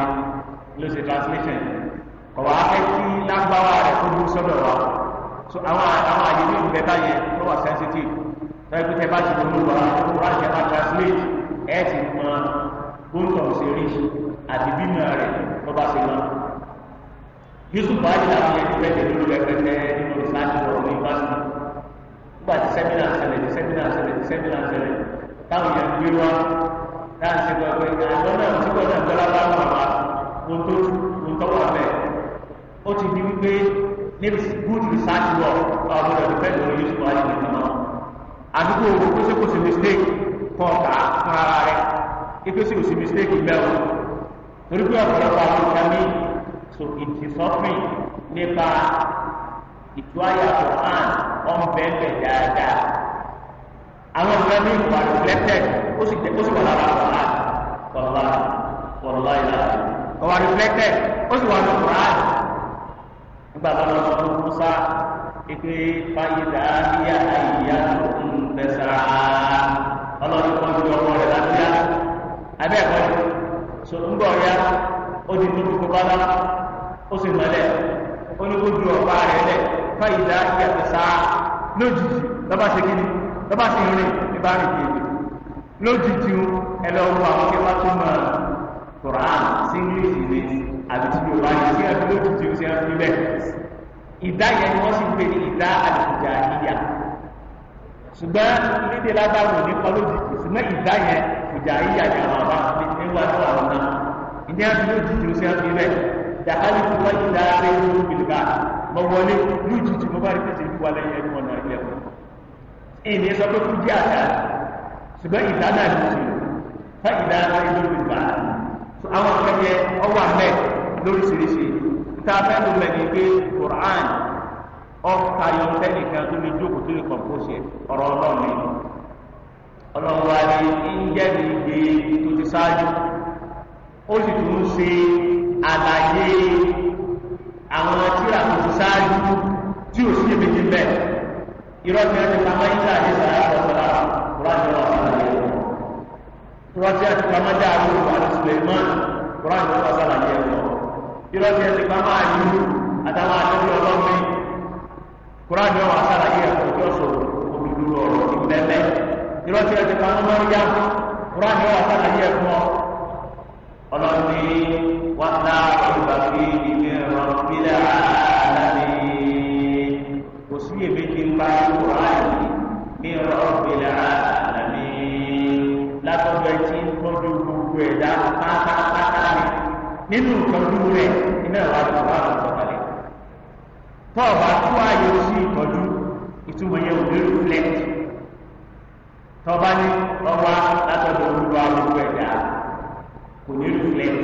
S1: ni ló translation kọ̀wá ẹ kí lágbáwá rẹ̀ kó dúró wa so àwọn àwọn àyè ní ìgbẹ́ yẹ tó wà sensitive tọ́yẹ pé tẹ bá ti ronú wa wá ṣe bá translate ẹ̀ ti mọ bóńtọ̀ ṣe rí àti bímọ rẹ̀ tọ́ba ṣe lọ. Yusuf wáyé làwọn yẹn ti bẹ́ẹ̀ tẹ̀lé lórí ẹgbẹ́ tẹ́ nínú ìsáájú ọ̀rọ̀ ní nígbà tí sẹ́mínà ṣẹlẹ̀ ní sẹ́mínà ṣẹlẹ̀ ní sẹ́mínà ṣẹlẹ̀ táwọn yẹn gbé wá láti ṣe gbọ́ pé àwọn náà tí wọ́n náà gbọ́lá bá wà wá mo tó mo tọ́wọ́ abẹ́ ó ti di wípé níbi good research work ọ̀gbọ́n ọ̀dọ̀ fẹ́ lórí yóò tó wáyé nìkan náà àdúgbò owó kó sì kò sí mistake kọ́ ọ̀tá fún ara rẹ̀ ipe sì kò sí mistake mẹ́wọ̀ torí pé ọ̀pọ̀lọpọ̀ àwọn ìkànnì so it is suffering nípa ìtú àyà Quran ọ̀nbẹ́ẹ̀bẹ̀ dáadáa àwọn ìgbà mi wà reflected ó sì ó sì wà lára Quran wàlá wàlá ìlà ọ̀wà reflected ó sì wà lára Quran nígbà tó lọ sọ fún Musa pé fàyídà àbíyá àyíyá tó ń bẹ̀sà ọlọ́run kan ju ọmọ rẹ̀ lábíyá abẹ́ ẹ̀kọ́ so ń bọ̀ ya ó di tuntun kó bá dá ó sì mọ́lẹ̀ ó ní kó ju ọ̀pá rẹ̀ fa ìdá ìyàtọ̀ sáà lójijì lọ́ba ṣe kí ni lọ́ba ṣe rìn ní bá rìn kiri lójijì ẹ àwọn kí wọ́n tún mọ Quran sí English ní àti tí Yorùbá ní sí ẹbí lójijì sí ẹbí bẹ́ẹ̀ ìdá yẹn ni wọ́n sì pè ní ìdá àlùjá ìyà ṣùgbọ́n lédè lágbàwọ̀ nípa lójijì ṣùgbọ́n ìdá yẹn ìjà ìyà ni àwọn àbá níwájú àwọn mo wọlé lójijì mo bá rí pèsè ìlú wa lẹ́yìn ẹni wọn náà rí ẹ̀kọ́ ìní sọ pé kú jẹ́ àṣà ṣùgbọ́n ìdá náà ló Quran ọ̀ka yọ̀ǹtẹ́ nìkan tó lè jókòó tó lè kọ̀ǹpóṣì ọ̀rọ̀ ọlọ́run ni ọlọ́run wa ni ń jẹ́ mi gbé tó ti ṣáájú ó sì tún ṣe àlàyé àwọn tíra tó ti sáájú tí ò sí èmi ti bẹ́ẹ̀ irọ́ ti ẹni pamọ́ yín sáà ní sàrà àtọ̀sọ̀rà kúránì wọn sàlàyé irọ́ ti ẹni pamọ́ dá àwọn olùkọ́ àti Suleiman kúránì wọn sàlàyé ẹ̀kọ́ irọ́ ti ẹni pamọ́ àyíwú àtàwọn àtẹ́bí ọlọ́mí kúránì wọn sàlàyé ẹ̀kọ́ tí ó sọ òdúdú ọ̀rọ̀ ìbẹ́ẹ̀bẹ́ irọ́ ti ẹni pamọ́ mọ́ríyá kúránì wọn sàlàyé ẹ̀kọ́ ọlọ́ni wọn náà ìgbà fi nínú ìtọ́jú rẹ̀ iná ìwà ìwà àtọ̀kalẹ̀ tó ọ̀bà tó ààyè sí ìtọ́jú ìtumọ̀ yẹn ò lérò tọ́ba ní ọba látọ̀dọ̀ olúwa gbogbo ẹ̀dá kò lérò lẹ́t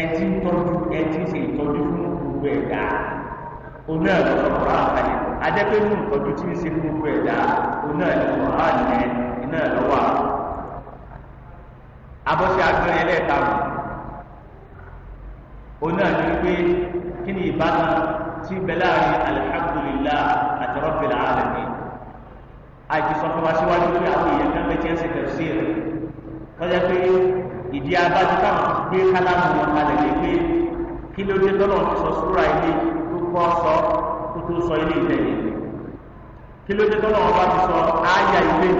S1: ẹtí tọ́jú ẹtí ṣe ìtọ́jú fún gbogbo ẹ̀dá oná àkàlẹ̀ adẹ́pẹ́ fún ìtọ́jú tí ń ṣe gbogbo ẹ̀dá oná àlẹ́ iná agbẹ́rẹ́ onáà ní pé kí ni ìbátan tí bẹ láàrin alihamdulilah àti rabbil alamin àti sọ fún wa síwájú pé àwọn èèyàn kan bẹ tí ń ṣe tafsir tọ́jà pé ìdí abájú táwọn gbé kálámù wọn kalẹ̀ ní pé kí ló dé tọ́lọ̀ ti sọ súra ilé tó kọ́ sọ tó tó sọ ilé ìtẹ̀lẹ̀ kí ló dé tọ́lọ̀ wọn bá ti sọ ááyà ilé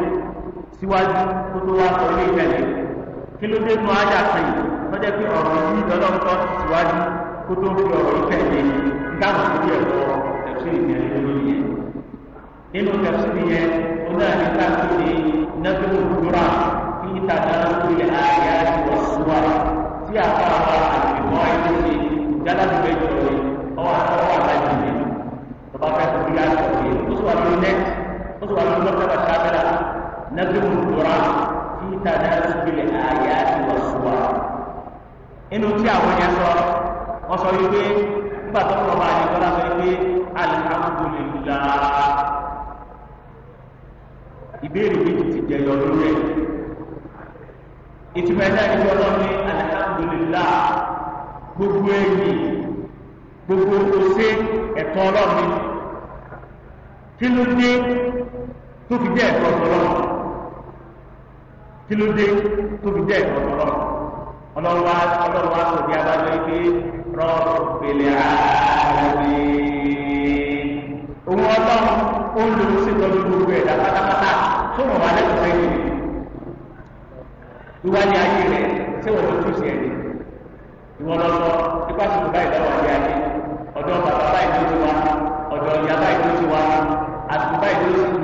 S1: síwájú tó tó wá sọ ilé ìtẹ̀lẹ̀ kí ló dé tún ááyà kan yìí. tó jẹ́ pé ọ̀rọ̀ ìlú ìjọlọ́ ń tọ́ síwájú kó tó fi ọ̀rọ̀ ìfẹ́ ìlú ìdáhùn sí ẹ̀kọ́ ẹ̀sùn ìgbẹ́ lórí ẹ̀. nínú ìjọsí ni ẹ ó náà ní káàkiri ní nẹ́tọ́nù dúdúrà kí ìtajà lórí ààyè àti ọ̀ṣùwà tí àpapọ̀ àgbègbè wọn ẹgbẹ́ ṣe jádàdúgbẹ́ ìjọba ọwọ́ àtọwọ́ àgbẹ̀jẹ̀ tọba fẹ́ fún bí
S2: inú tí àwọn yẹn sọ wọ́n sọ wípé nígbà tó kọ́ bá yẹn gbọ́dọ̀ sọ wípé
S1: alihamudulilaa ìbéèrè ti jẹyọ lórí ẹ̀ ìtumọ̀ ní gbogbo èyí gbogbo ose ẹ̀tọ́ ọlọ́run kí ló dé tó fi dé tó ọlọ́wọ́ ọlọ́wọ́ àtòbí adájọ́ ibi rọ́ọ̀pẹ̀lẹ̀ ààrẹ òun ọlọ́run ó ń lo sítọ́jú gbogbo ẹ̀dá pátápátá tó wọ́n wá lẹ́kọ̀ọ́ sẹ́yìn rẹ̀ ìwádìí ayé rẹ̀ tí wọ́n tó túnṣe ẹ̀ ìwọ́n lọ sọ ipá tó bá ìdáwọ̀ ayé ayé ọ̀dọ́ bàbá báyìí ló ti wá ọ̀dọ́ ìyá báyìí ló ti wá àtùkù báyìí ló ti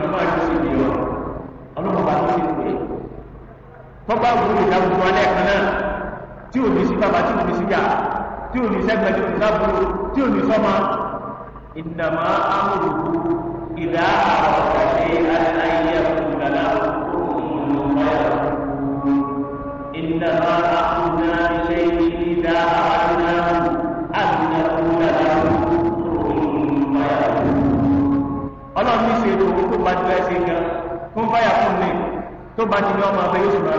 S1: mọ̀mọ́ tí ò ní sí bàbá tí ò ní sí yá tí ò ní sẹ́gbẹ̀ẹ́ tí ò ní sábúrò tí ò ní sọ́mọ ìnàmá amòlùkù ìdá àwọn ọ̀sẹ̀ aláìyẹ ìgbàlá òmùnà ìnàmá amòlùkù iṣẹ́ ìdá àwọn àgbìnà òmùnà òmùnà ọlọ́run ní ṣe ìdòwò tó bá ti lẹ́sẹ̀ gan fún báyà fún mi tó bá ti ọmọ abẹ́yẹ́sùn náà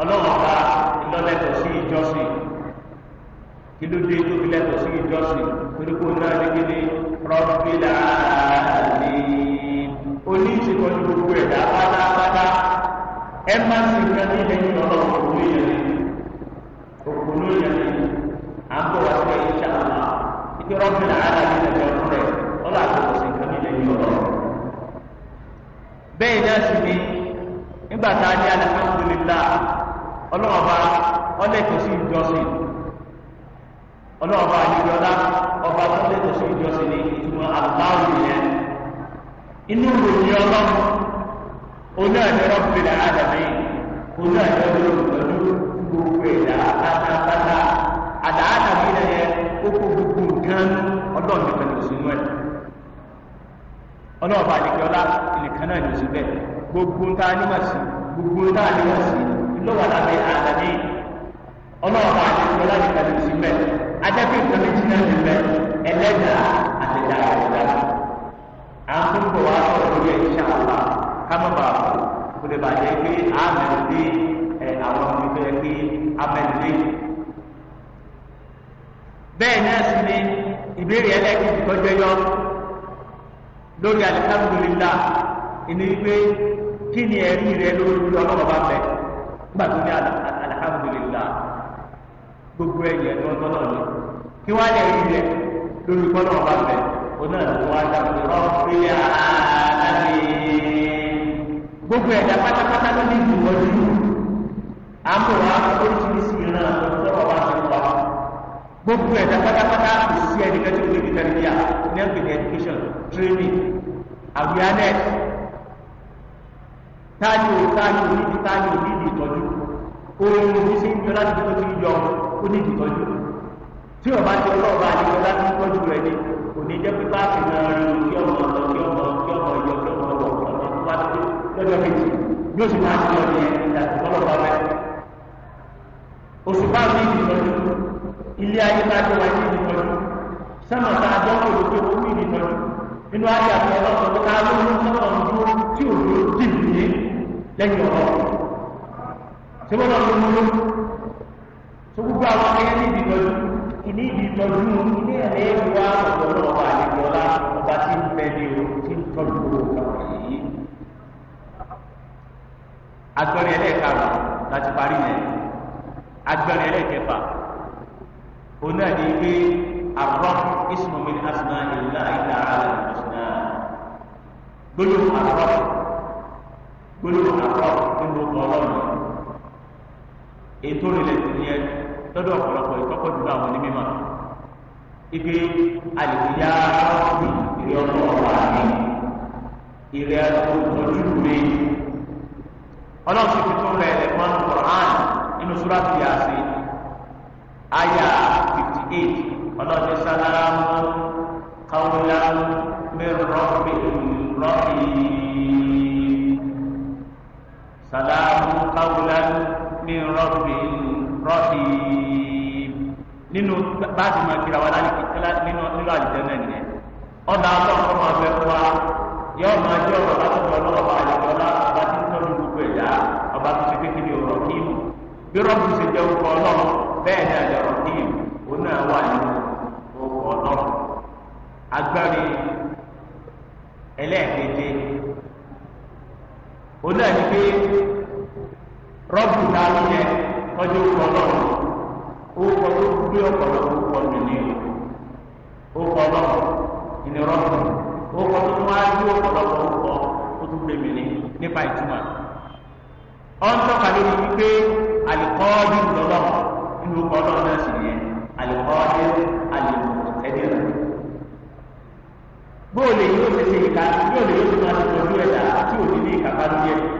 S1: ọlọ́run ọba ìlọ́lẹ́tọ̀ sí ìjọsìn kí ló dé tó fi lẹ́tọ̀ sí ìjọsìn torí kó náà níbi ní rọ́bìlà ní oníṣègùn ní gbogbo ẹ̀dá pátápátá ẹ má sì ń rẹ́ni lẹ́yìn ọlọ́run òkú èèyàn ní òkú ní èèyàn ní à ń bọ̀ wá sí ẹ̀yìn ṣáàlà ìpè rọ́bìlà àdá ní ẹ̀jọ̀ ọ̀rọ̀ rẹ̀ ọlọ́run àtọ̀kọ̀ sí nǹkan ní lẹ́yìn ọlọ́run bẹ́ẹ̀ náà sì ni nígbà tá a ní alihamudulilayi ọlọ́ọ̀ba ọlẹ́tọ̀ sí ìjọsìn ọlọ́ọ̀ba ọba tó lẹ́tọ̀ sí ní ìtumọ̀ àlùbáwò yẹn inú ìròyìn ọlọ́run oní ẹ̀dẹ́rọ̀ bẹ̀rẹ̀ àdàmì oní ẹ̀dẹ́rọ̀ lọ́dún gbogbo ẹ̀dá gbogbo ọlọ́run ẹ̀ bẹ́ẹ̀ gbogbo ń ló wà lábẹ́ àdàdé ọlọ́ọ̀bà àdéhùn láti pẹ̀lú sí mẹ́ ajẹ́pẹ́ ìtàn méjì náà ní mẹ́ ẹlẹ́dà àtẹ̀dá àtẹ̀dá àtúntò wa sọ̀rọ̀ lórí ẹ̀ ṣá wa kámọ́bà kò lè bàjẹ́ pé àmẹ́lẹ́dẹ́ ẹ̀ àwọn ọmọ ìfẹ́ pé àmẹ́lẹ́dẹ́ bẹ́ẹ̀ náà sì ni ìbéèrè ẹlẹ́kìtì tó jẹyọ lórí alihamudulila ìní wípé kí ni ẹ̀rí rẹ lórí ọlọ́mọba gbàtú ní alihamudulilayi gbogbo ẹ̀yẹ tọ́tọ́lọ́ ni kí wọ́n lè rí rẹ̀ lórí kọ́nà ọba bẹ̀ ọ̀nà ìwọ adàpọ̀ rọ́ọ̀fìyà àlàyé gbogbo ẹ̀dá pátápátá ló ní ìdùnnú ọdún àmúwá oríṣiríṣi ìran àtọ̀tọ̀ ọba ti wà gbogbo ẹ̀dá pátápátá kò sí ẹnìkan tó lè fi tẹ̀lé bíyà ní ẹ̀kẹ́ education training awareness táyọ̀ táyọ̀ níbi táyọ̀ níbi ìtọ́jú oorun ní sí ń jọ láti tó ti yọ ó ní ìtọ́jú tí ọba ti ọlọ́ọ̀bá àyíkọ́ láti tọ́jú rẹ̀ ni kò ní jẹ́ pé báàkì náà rí kí ọmọ ọ̀tọ̀ kí ọmọ kí ọmọ ọ̀yọ́ kí ọmọ ọ̀wọ̀ ọmọ tó bá dé lọ́jọ́ kejì bí ó sì máa ṣe ọ̀nà ìdàtí ọlọ́ọ̀bá rẹ̀. oṣù bá mi ìdìtọ́jú
S2: ilé ayé bá jọ wáyé ìdìtọ́jú sẹ́mọ̀ tá a jọ kò ló pé ó ní
S1: ìdìtọ́jú nínú ayé àti ọlọ́ọ̀tọ̀ tó ká lóyún sọ́kàn dúró tí òjò dì tí wọ́n lọ sọ mọ́ ló tó gbogbo àwọn ẹyẹ ní ìdí ìtọ́jú ìní ìdí ìtọ́jú ilé ẹ̀rẹ́ ìwà ọ̀dọ̀ náà wà níbi ọlá ọba tí ń bẹ ní o tí ń tọ́jú owó kan yìí. agbọ́nrin ẹlẹ́ẹ̀karùn láti parí yẹn agbọ́nrin ẹlẹ́ẹ̀kẹfà òun náà ní ilé àrọ́ ismail asma ìlà ìlà àlẹ́ gbólóhùn àrọ́ gbólóhùn àrọ́ nínú ọlọ́run ètò ìrìnlẹ̀ tó yẹ lọ́dọ̀ ọ̀pọ̀lọpọ̀ ìkọ́kọ́ dùdú àwọn onímọ̀ ibi àlèkìyà ọ̀sì ìrẹ́ ọ̀pọ̀ ọ̀wà mi ìrẹ́ ojú mi ọlọ́sìn tuntun rẹ̀ lè fọ́n Qur'an nínú súrátì Yásì àyà fifty eight ọlọ́sìn sálámù kawulá mẹ́rọ̀ọ́bì rọ́bì sálámù kawulá mẹ́rọ̀ọ́bì min rabbin rahim nínú báàgì máa kíra wa láti kíkílá nínú nínú àjùjọ náà nìyẹn ọ̀nà àtọ̀kọ́ máa fẹ́ fún wa yóò máa jẹ́ ọ̀rọ̀ látọ̀kọ́ lọ́wọ́ bá àjùjọ náà ọba tí ń tọ́jú gbogbo ẹ̀yà ọba tó ti kékeré ọ̀rọ̀ kíìmù bí rọ́bù ṣe jẹ́ orúkọ ọlọ́run bẹ́ẹ̀ ni àjọ ọ̀rọ̀ kíìmù òun náà wà nínú orúkọ ọlọ́run agbárí ẹlẹ́ẹ̀keje òun náà pé rọ́bù ta ló yẹ tọ́jú orúkọ náà orúkọ tó gbé ọ̀pọ̀lọpọ̀ orúkọ nílé orúkọ náà ìní rọ́bù orúkọ tó tún wáá gbé ọ̀pọ̀lọpọ̀ orúkọ tó tún gbé mi ní nípa ìtumọ̀ ọ̀n tọ́ka lórí wípé àlìkọ́ọ́dì lọ́lọ́ nínú orúkọ náà náà sì yẹ àlìkọ́ọ́dì àlìmọ̀tẹ́dẹ̀rẹ̀ bóòlù yìí ó ti ṣe ìka bóòlù yìí ó ti máa ti tọ́jú ẹ̀dá tí ò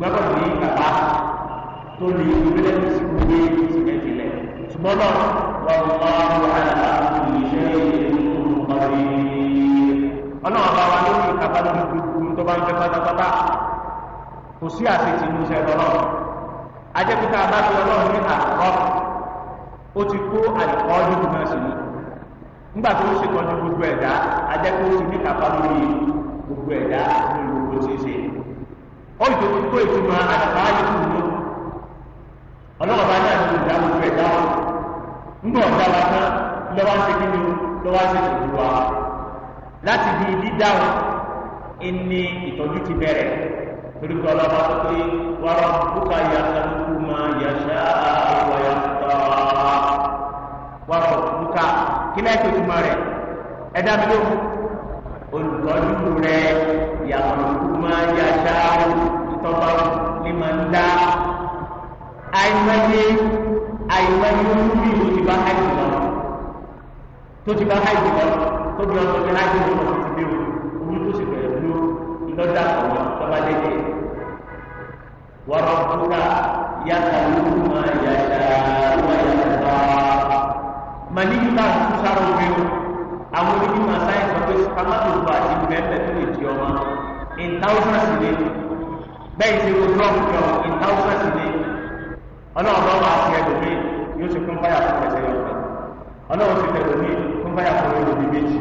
S1: gbọ́dọ̀ ní bàbá tó lè gbélé ní sìnkú gbé sílẹ̀ sílẹ̀ ṣùgbọ́n náà wọ́n mú àwọn àlà ìṣe ìmúkọ̀rí. ọlọ́run bá wa lórí ìkápá lórí gbogbo tó bá ń fẹ́ pátápátá kò sí àṣetì ní iṣẹ́ lọ́rọ̀ ajẹ́pítà bá fi ọlọ́run ní àkọ́ ó ti kó àìkọ́ dúdú náà sí ni nígbà tó ń ṣètọ́jú gbogbo ẹ̀dá ajẹ́pítà ó ti ní ìkápá lórí gbogbo ẹ̀dá lórí gbogbo ṣíṣe. ó ìjọ kó ìtumọ̀ àtàkọ́ ayé kù lọ ọlọ́wọ́ bá náà ti dá gbogbo ẹ̀dá ńgbọ̀n ọ̀dá wa lọ́wọ́ ṣe kí ni lọ́wọ́ ṣe kò wá láti di dídá wa ìtọ́jú ti bẹ̀rẹ̀ torí pé ọlọ́wọ́ sọ pé bùkà yà yà àwọn yà bùkà kí náà ìtumọ̀ rẹ̀ rẹ̀ yà yà àwọn. tọ́ba ní máa ń dá àìmọye àìmọye olúmi ló ti bá hajj lọ tó ti bá hajj lọ tó bí ọmọ ní hajj lọ lọ sí bí o omi tó sì bẹ̀rẹ̀ ló lọ́dà ọ̀wọ́ tọ́ba dédé wọ́rọ̀ fúnra yàtọ̀ lóko máa yàtọ̀ wọ́n yàtọ̀ màlíkà tó sáré omi o àwọn onímọ̀ sáyẹ̀nsì ọ̀gbẹ́sì pamọ́ tó fà á ti bẹ́ẹ̀ tó lè di ọmọ in thousands lè bẹ́ẹ̀ ti wo blọọkù yọ ìtàwùsọ̀sì ni ọlọ́run bá wà sí ẹlòmíì yóò ṣe fún báyà fún ẹsẹ̀ yọ kan ọlọ́run ti tẹ̀ lómi fún báyà fún ẹlòmíì méjì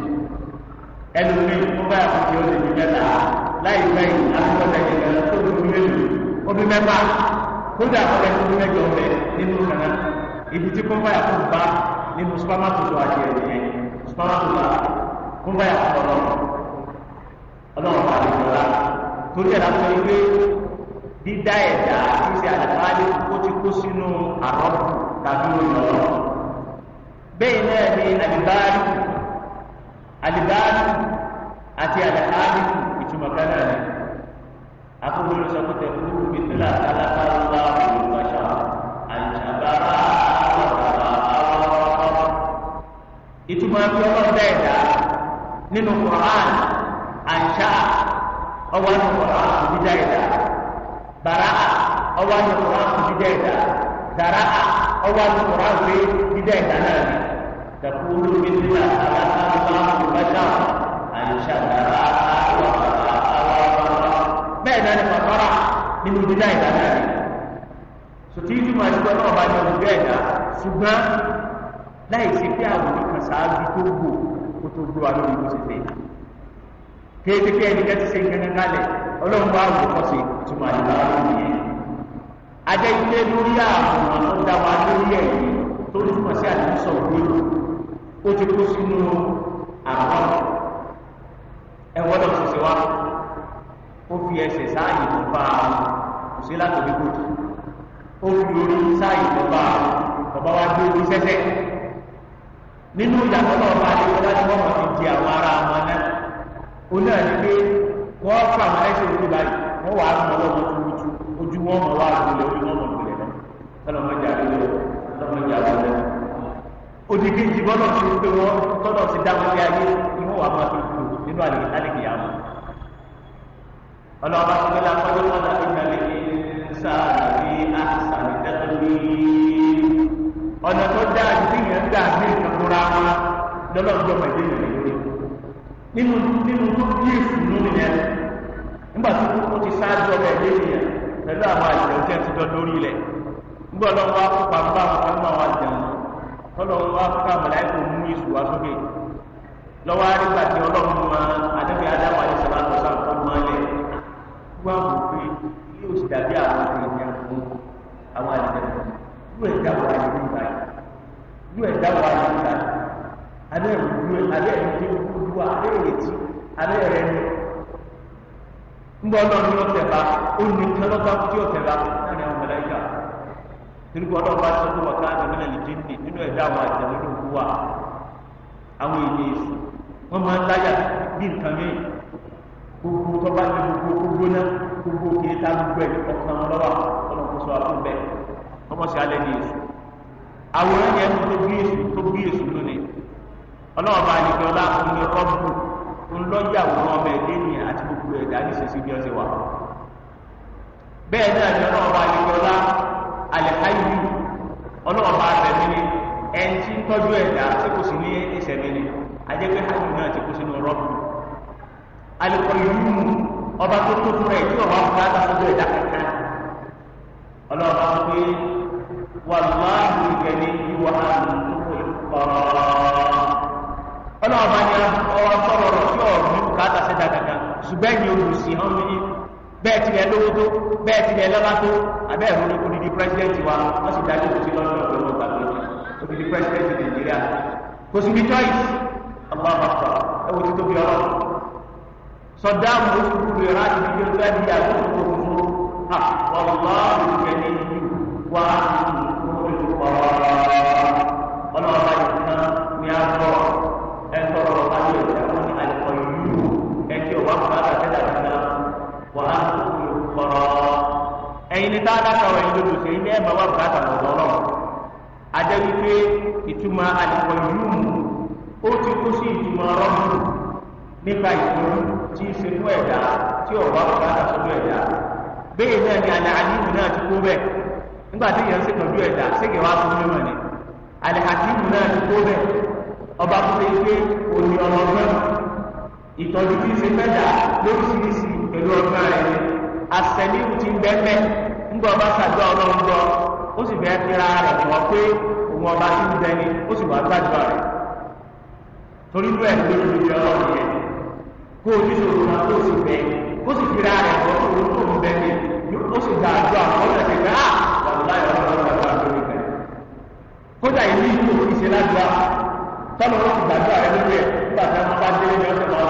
S1: ẹlòmíì fún báyà fún yóò lè ní mẹ́ta láì bẹ́ẹ̀ àtúntò tẹ̀lé ẹ̀rọ tó lómi mélòó omi mẹ́fà kódà fún ẹni tó mẹ́jọ mẹ́ nínú kan ibi tí fún báyà fún bá nínú supermarket wà jẹ́ ẹ̀yẹ supermarket wà fún báyà fún ọlọ́run ọlọ́run bá lè jọra torí ẹ̀ dídá ẹ̀dá ṣíṣe àlùfáàlì ó ti kó sínú àrọ́pù tàbí òyìnbó bẹ́ẹ̀ náà ni àlùbáàlì àlùbáàlì àti àlùfáàlì ìtumọ̀ kan náà ni akókòrò sọ pé tẹ̀kúrú bíi tílà alábàárà olùbáṣà àlùsàbàrà àwọ̀rọ̀ ìtumọ̀ àti ọlọ́dà ẹ̀dá nínú Kùránì àṣà ọwọ́ àti Kùránì dídá ẹ̀dá bara'a ọwọ́ ní Qur'an dídẹ́ ẹ̀dá zara'a ọwọ́ ní Qur'an pé dídẹ́ ẹ̀dá náà ni dàkúrú mi ní àtàlà àbúrò bàjá àyùṣà bara'a àwọn àwọn bẹ́ẹ̀ náà ni bàbára nínú dídẹ́ ẹ̀dá náà ni
S2: sòtí ìdúmọ̀ àdúgbò náà bá ní ọdún dídẹ́ ẹ̀dá
S1: ṣùgbọ́n láì ṣe pé àwọn ìkànṣáájú tó gbò kó tó gbó wa lórí bó ṣe fẹ́ kéde kí ẹnìkan ti ṣe nǹkan kalẹ̀ ọlọ́run bá wò kọ́ sí ìtumọ̀ àdìbò àwọn ènìyàn ajẹ́ ilé lórí àwọn tó dá wa lórí ẹ̀yìn tó ní túmọ̀ sí àdìsọ̀ òwúrò ó ti kó sínú àwọn ẹ̀wọ́n náà ṣẹṣẹ wá ó fi ẹsẹ̀ sáàyè tó bá a kò sí látòbí gbòdì ó fi orí sáàyè tó bá a bàbá wa gbé orí sẹ́sẹ́ nínú ìyàtọ̀ náà bá a lè wọ́n láti wọ́n mọ̀ ti di àwọn ará wọn náà oní àti pé wọ́n fà wọn ẹsẹ̀ òkú báyìí wọ́n wàá mọ ọlọ́wọ́ tó wútu ojú wọn mọ̀ wá gbolẹ̀ ojú wọn mọ̀ gbolẹ̀ náà ọlọ́mọdé àbẹ̀lẹ̀ ọlọ́mọdé àbẹ̀lẹ̀ òdìgí ti bọ́lọ̀ ti pé wọ́n tọ́lọ̀ ti dá wọn ayé ni wọ́n wàá máa fi nínú àlè àlèkè yà wọn. ọlọ́mọdé àbẹ̀lẹ̀ akọ́jọ́ wọn náà ń dalẹ̀ sáàrì àṣàrì tẹ́tọ́lì ọ̀nà tó dáa ní nínú nínú tó bí ìfúnnú nìyẹn nígbà tí ó ti ṣáájú ọbẹ̀ ilé nìyẹn pẹ̀lú àwọn àìsàn tẹ́ ti jọ lórí ilẹ̀ nígbà ọlọ́run wá fún pàmò àwọn pàmò àwọn àjẹun ọlọ́run wá fún pàmò láìpẹ́ mú ìṣù wá sókè lọ́wọ́ àrígbà tí ọlọ́run máa àdébí adáwọ̀ ayé sábà lọ sáà tó máa lẹ̀ wá wò pé yóò ti dàbí àwọn ènìyàn fún àwọn àjẹun yóò ẹ̀ dáwọ̀ ayé nígbà yóò ẹ̀ dáwọ̀ ayé nígbà olúwa abẹ́rẹ̀tì abẹ́rẹ̀ ni ńgbọ́ náà ni ọ̀tẹ̀ bá ònì kẹlọ́gbà tí ọ̀tẹ̀ bá láàrin àwọn mẹlẹ́kà nígbà ọlọ́run bá sọ pé wọ́n ká àgbẹ̀mẹ́lẹ̀ lè dín nínú ẹ̀dá àwọn àjẹmọ́ ní olúwa àwọn èdè èso wọ́n máa ń láyà bí nǹkan gbogbo tó bá ní gbogbo gbogbo náà gbogbo ta gbogbo ẹ̀ ọ̀kan lọ́wọ́ ọ̀nà sọ bẹ́ẹ̀ ọlọ́ọ̀bá àdìgbò ọlá omi rọ́bù ńlọ́yàwó ọmọ ẹ̀dẹ́ ni àti gbogbo ẹ̀dá níṣẹ́sí bí wọ́n ṣe wà. bẹ́ẹ̀ náà ni ọlọ́ọ̀bá àdìgbò ọlá àlẹ́káyì ọlọ́ọ̀bá àbẹ̀mí ni ẹni tí ń tọ́jú ẹ̀dá tí kò sí ní ìṣẹ̀mí ni ajẹ́pẹ́ hàmì náà ti kó sínú rọ́bù. ọba tó tó fún ẹ̀ tí ọba fún ẹ̀dá kankan ọlọ́ọ̀bá sọ pé wàlúwàá ọlọ́run bá ní ọwọ́ sọ̀rọ̀ rọ̀ sí ọ̀rọ̀ ní bùkátà sẹ́dá kankan ṣùgbẹ́ ni olùsìn hàn mí bẹ́ẹ̀ tilẹ̀ lówó tó bẹ́ẹ̀ tilẹ̀ lọ́lá tó abẹ́ ẹ̀rọ ní odidi pírẹsidẹ́ǹtì wa wọ́n sì dájú òsì lọ́dún ọ̀gbẹ́ wọn gbàgbé odidi pírẹsidẹ́ǹtì nàìjíríà kò sí bí choice ọgbà bàtà ẹwọ tí tóbi ọ̀rọ̀ sọdá mo ń kúrú rẹ láti fi ojú ẹni ẹ̀yin ní tálákà ọ̀ ẹ̀yin lòdò sí ilé ẹ̀mọ́ wà bùkátà lọ́dọ̀ ọlọ́run adé wípé ìtumọ̀ àlùkò yìí ó ti kó sí ìtumọ̀ rọ́ọ̀mù nípa ìtumọ̀ tí ń ṣe fún ẹ̀dá tí ẹ̀dá bẹ́ẹ̀ náà ni àlẹ́ náà ti kó bẹ́ẹ̀ nígbà tí yẹn ń ẹ̀dá wá fún mímọ̀ ni àlẹ́ náà ti kó bẹ́ẹ̀ ọba tó ṣe pé òní ìtọ́jú ṣe fẹ́ dà lóríṣiríṣi pẹ̀lú rẹ̀ ni ńgbọ́ ọba ṣàdúrà ọlọ́run gbọ́ ó sì fẹ́ fi ra rẹ̀ mọ̀ pé òun ọba ti ń bẹ ni ó sì wá gbàdúrà rẹ̀ torí bẹ́ẹ̀ ló ti fi ọlọ́run yẹn kó o nílò òun náà tó sì bẹ ó sì fi ra rẹ̀ mọ̀ pé òun tó ń bẹ ni ó sì gba àdúrà ah, ọlọ́run ti gbà wà láyé ọlọ́run gbàdúrà lórí rẹ̀ kódà ìlú ìlú òfin ṣe ládùúgbà tọ́lọ́ ó ti gbàdúrà rẹ̀ lórí ah,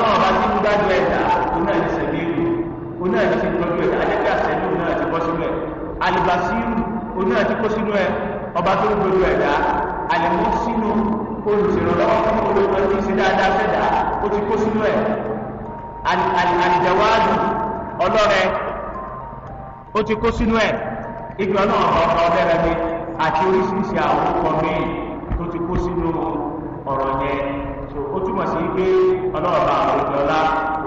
S1: ọlọ́run gbádùn ẹ̀dá oná ní sẹ̀míìlú oná ní ti tọ́jú ẹ̀dá ajẹ́kẹ́ àṣẹ̀lú oná ti kọ́ sínú ẹ̀ alìbàṣírù oná ti kó sínú ẹ̀ ọba tó ń gbogbo ẹ̀dá àlẹ́mú sínú olùsèrànlọ́wọ́ fún olóògbé tí ṣe dáadáa fẹ́dá ó ti kó sínú ẹ̀ àlìjẹ̀wáàdù ọlọ́rẹ ó ti kó sínú ẹ̀ ìgbà náà ọ̀rọ̀ ọ̀rẹ́ rẹ̀ àti oríṣiríṣi àwọn ọkọ̀ mi tó ti kó sínú ọ̀rọ̀ yẹn ó túmọ̀ sí pé ọlọ́ọ̀bá àwòjọ́lá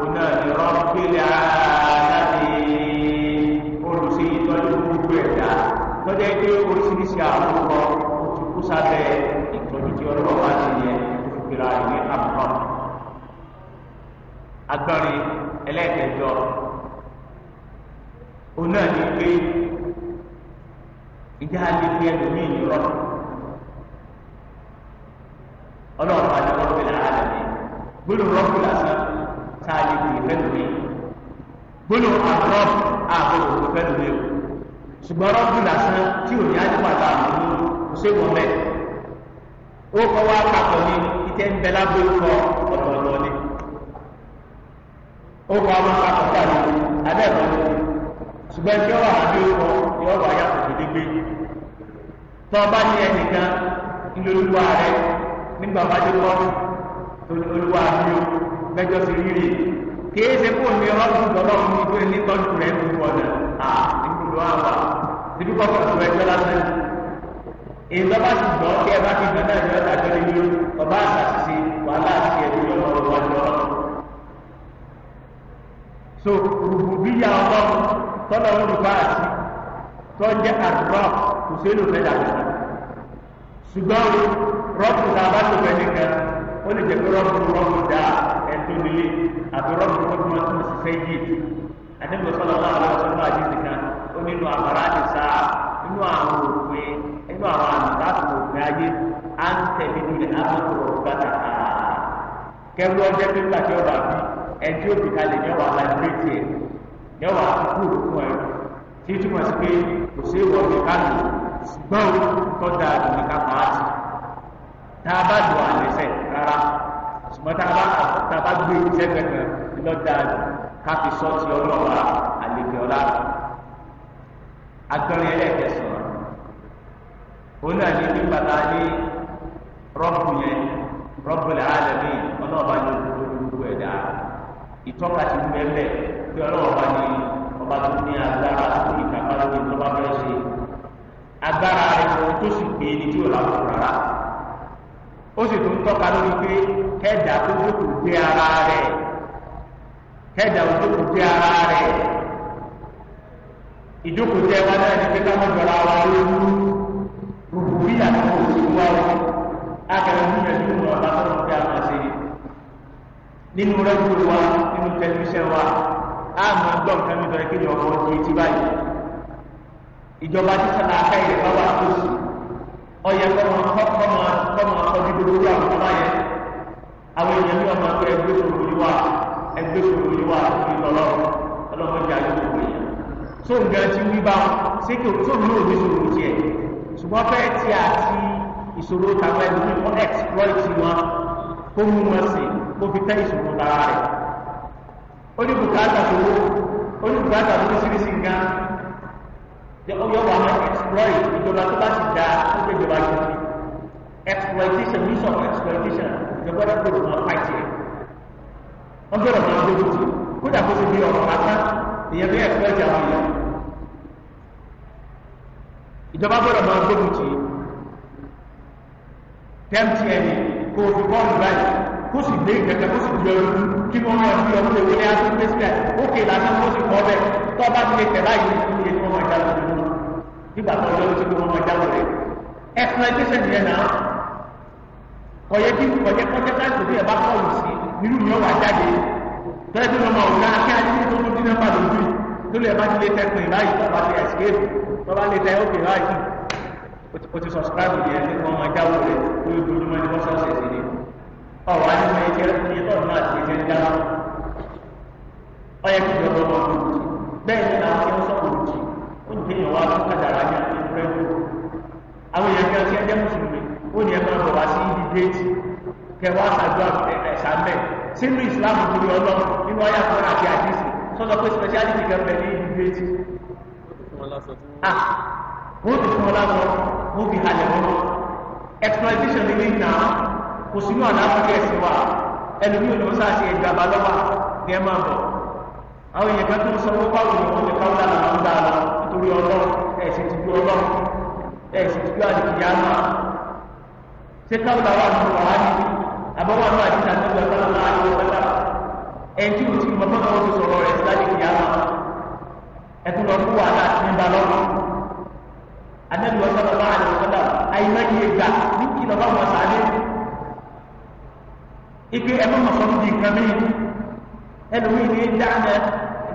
S1: oná ni rọ́bìlẹ̀ àdáde olùsí ìtọ́jú gbogbo ẹ̀dá tọ́jẹ́ pé oríṣiríṣi àwòkọ ti kú sábẹ́ ìtọ́jú tí ọlọ́ọ̀bá ti yẹ tó fi gbéra ìwé àbúrò. agbọ́nrin ẹlẹ́ẹ̀kẹjọ oná ni pé
S2: ìjà lè fi ẹlòmíì yọ
S1: ọlọ́ọ̀bá ni rọ́bìlẹ̀ àdáde gbólóhùn rọ́ọ̀kù lásán tá a lè pè fẹ́ lómi gbólóhùn àrọ́ọ̀kù àbọ̀wò tó fẹ́ lómi o ṣùgbọ́n rọ́ọ̀kù lásán tí ò ní àdìpàdà àwọn ọmọ òṣèwọ̀n mẹ́ẹ̀ ó kọ́ wá papọ̀ ní ìtẹ́ ń bẹ lábẹ́ ìkọ́ ọ̀tọ̀ọ̀tọ̀ ni ó kọ́ wá papọ̀ pàdé abẹ́ẹ̀kọ́ ni ṣùgbọ́n tí ó wà lábẹ́ ìkọ́ ni ó wà yàtọ̀ gbẹdẹgbẹ tọ́ bá ní ẹnìkan ńlọlúwa rẹ nígbà bá dé kọ́ olúwa mi ò gbẹjọ sí rírì kìí ṣe kó mi ọlọ́run gbọ́dọ̀ mi pé nítọ́jú rẹ̀ ń bọ̀ ọ̀dà à nígbòdo àwà síbí kọ́kọ́ tó ẹjọ́ lásán ìjọba ti gbọ́ kí ẹ bá ti gbọ́ náà ní ọ̀dà tó lé yó ọba àtàṣìṣe wàhálà àti ẹ̀dùn yọ̀ lọ́wọ́ wájú ọlọ́run. so rùbùbíyà ọlọ́run tọ́lọ̀ ń rúbá àti tọ́jẹ́ àdúrà kò sí èlò fẹ́ dàgbà ṣùgbọ́n rọ́pù tá a bá tó fẹ́ nìkan ó lè jẹ́ pé rọ́ọ̀bù rọ́ọ̀bù dá ẹ̀tọ́ nílé àbí rọ́ọ̀bù rọ́ọ̀bù máa tún ṣiṣẹ́ yìí àdébò sọlọ náà aláwọsọ náà àdé nìkan ó nínú àbára ti sá nínú àwọn òpin nínú àwọn àmì láti òpin ayé à ń tẹ̀lé nílẹ̀ àbọ̀tò ọ̀gbà kàkà kẹwú ọjọ́ pé gbàtí ọba bí ẹtí òbí kalẹ̀ yẹwà aláìlétí ẹ yẹwà kúrò fún ẹ tí túmọ̀ sí dùn ní kápá rárá ṣùgbọ́n tá a bá gbé ìṣẹ́gbẹ̀ kan lọ́dà káfí sọ́ọ̀tì ọlọ́ọ̀la àlejò ọ̀la agbẹ́rin ẹlẹ́ẹ̀kẹsàn-án òun náà ní nípa tá a ní rọ́ọ̀bù yẹn rọ́ọ̀bù làálẹ̀mí ọlọ́ọ̀ba ní olùdókòwò ẹ̀dá ìtọ́ka ti mú ẹlẹ́ pé ọlọ́ọ̀ba ní ọba tó ní agbára tó ní kàkàrà ní ìjọba fẹ́ ṣe agbára rẹ̀ tó sì gbé ní tí ò ó sì tún tọ́ka lórí pé kẹ́dà tó jókòó gbé ara rẹ̀ kẹ́dà tó jókòó gbé ara rẹ̀ ìjókòó tẹ wá náà ní pé ká mọ̀ jọra wa lóru gbogbo bí àtúntò òṣèlú wa wọ akẹ́rẹ́ fún mi ẹ̀sìn ìmọ̀ ọ̀la tó ń fi àwọn àṣẹ yìí nínú rẹ́gbù wa nínú tẹlifíṣàn wa á mọ gbọ́ nǹkan mi tọ́ ẹ kéde ọkọ̀ ti etí báyìí ìjọba títà náà ká bá wà tó ọyẹ kọ́mọ kọ́mọ kọ́mọ akọ́jú gbogbo àwọn ọba yẹn àwọn èèyàn ní ọmọ akọ́ ẹgbẹ́ òkú yìí wà ẹgbẹ́ òkú yìí wà ìtọ́lọ́ ọlọ́mọdé àdúgbò yẹn tó ń gan ti wí bá wọn ṣé kí tó ń lò ní ìṣòro tiẹ̀ ṣùgbọ́n fẹ́ tí a ti ìṣòro tàbí ẹni tí wọ́n exploit wọn kó mú wọn sí kó fi tẹ́ ìṣòro tara rẹ̀ ó tó ó tó ní sírísì gan yọ wà mọ exploit ìjọba tó bá ti da ó gbé ìjọba yìí exploitation use of exploitation ìjọba tó gbé ìjọba fight yẹ wọn gbọ́dọ̀ máa gbé ìjọba kódà kó ti di ọ̀rọ̀ lásán ìyẹn bí exploit àwọn èèyàn ìjọba gbọ́dọ̀ máa gbé ìjọba tẹ́mtn kó o fi bọ́ọ̀lù báyìí kó sì gbé ìgbẹ́kẹ̀ kó sì gbé ọdún kí wọ́n máa fi ọdún ewé ní aṣọ pẹ́sìtẹ̀ ó kéde aṣọ kó sì kọ́ bẹ́ẹ̀ tọ́ bá ti lè tẹ̀ báyìí ní ìdílé tí wọ́n máa jáde nígbà tó lọ́wọ́ tó kó wọn jáwọ́ rẹ̀ exploitation yẹn náà kọ̀yẹ́ kí kọ̀yẹ́ kọ́jẹ́ káàkiri bí ẹ̀ bá kọ̀wé sí nínú mi ọ̀wà jáde tọ́lẹ́ tó lọ́mọ ọ̀gá kí á ní tó tó dín náà pàdé ojú tó lè bá ti lè tẹkùn ìbáyìí tó bá ti escape tó bá lè tẹ ókè báyìí o ti subscribe yẹn ní ọmọ jáwọ́ rẹ̀ tó yóò dojú mọ́ ní wọ́n sọ́ọ̀sì sí ni ọ̀rọ̀ á ní mọ ẹ̀jẹ̀ ní ọ̀rọ̀ náà ti ẹ̀jẹ̀ ń jáwọ́ ọ̀yẹ́ kí ìjọba ó ń jẹyàn wá fún kàdàrà ní ẹgbẹ́ àwọn èèyàn kẹ́ ọtí ẹgbẹ́ mùsùlùmí ó ní ẹgbẹ́ ọ̀rọ̀ wá sí ibi gẹ́ẹ̀tì kẹ wá ṣàdúrà ẹ̀sà mẹ́ sínú ìsìlámù torí ọlọ́run nínú ọyà kan àti àdìsí sọ́dọ̀ pé speciality kan bẹ̀ ní ibi gẹ́ẹ̀tì. wọ́n ti fún ọ lásán wọ́n fi halẹ̀ wọn lọ exploitation ní ní nà kò sínú àdáfẹ́ kẹ́sì wa ẹlòmíì ló ń sáà ṣe ìgbàgbá lọ́wọ́ ní ẹ máa bọ̀ àwọn èèyàn kan tó ń sọ wọn báwo ni wọn lè káwọ dára máa ń dá lọ nítorí ọlọ́run ẹsẹ ti ju ọlọ́run ẹsẹ ti ju àdìyá náà ṣé káwọ dára wà nínú wàhálà ni àbọwọ àná àdìyá tó lọ sọlá náà àyè wọn dára ẹni tí o ti mọ fọlọ wọn ti sọ̀rọ̀ rẹ sílá àdìyá náà ẹtù lọ fún wàhálà àti nígbà lọ́wọ́ àdìyá wọn sọlá náà àyè wọn dára àyè má yé gbà ní kìlọ̀ bá wọn sàlẹ̀ ike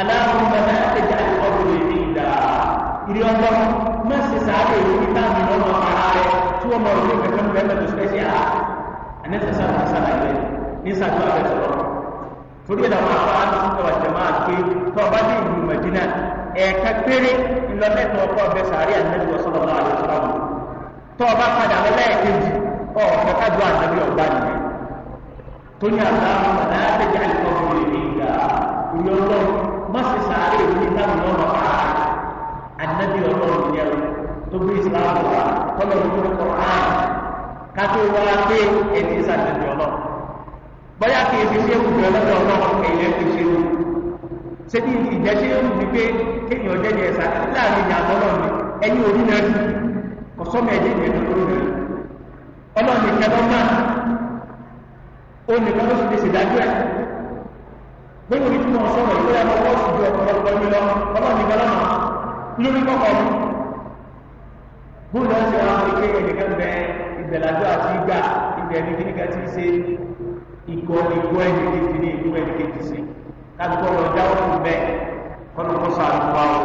S1: aláwọ̀ náà tẹ̀jà ọdún èdè ìdá ìrì ọgbọ́n má ṣe sáré ìlú níta mi lọ́nà ara rẹ tí wọ́n mọ orí kẹkẹ́ ń bẹ́ẹ̀ lọ́dún spẹ́ṣẹ́ à anẹ́sẹ̀sà náà ṣàlàyé ní sàdó àbẹ̀sọ̀rọ̀ torí ẹ̀dá wọn àpá àdúgbò wà jẹ̀mọ́ àti tọ́ba ní ìlú mẹ̀dínà ẹ̀ka péré ńlọ́mẹ́tọ̀ ọkọ̀ ọ̀bẹ sàárè ànẹ́sẹ̀ sọ̀rọ̀ náà àlùfáà tọ́ba padà lọ́lẹ́ẹ̀kejì ọ̀ọ̀kẹ́ kájú àtàbí ọ̀gbá nìyẹn tó ní àtàwọn ọ̀nà àtẹ̀jẹ́ àlùfáà fún mi ní ìgbà ìyọ́lọ́run má ṣe sàárè ní táwọn ọmọ bàbá ànábì ọlọ́run yẹn tó bí ìsìláàmù wa kọ́lọ̀ ní kókó hàn ká tó wá pé ẹni ìsàlẹ̀ jọ lọ. bóyá kì í fi ṣe ewu jọ lọ́dọ̀ ọlọ́run èèyàn fi ṣe ewu. ṣé bí ìjẹ́ ṣe ewu ni pé kéèyàn jẹ́ jẹ́ ẹ̀sà láàrin ìyá ọlọ́run ẹni orí náà ti kọ̀sọ́mọ ẹ̀dẹ́ ìyẹn lórí ọlọ́run ìkẹ́lọ́mà ó nìkan ló sì fi ṣèdájọ́ ẹ̀ gbẹ́wò ní fún ọ̀sán rẹ̀ lórí ọmọ ọ̀sán ju ọ̀pọ̀lọpọ̀ ẹni lọ ọmọ mi gbọ́dọ̀ mà lórí kọ́kọ́ mi. bóòlù ọ̀sẹ̀ wọn ké ẹnìkan bẹ ìgbẹ̀lájọ àti ìgbà ìgbẹ̀ ní kíníkà ti ṣe ìkọ́ ìkọ́ ẹni kejì ní ìlú ẹni kejì sí kájúkọ́ lọ já òkú bẹ́ẹ̀ kọ́nù kó sọ àlùkò àwọn.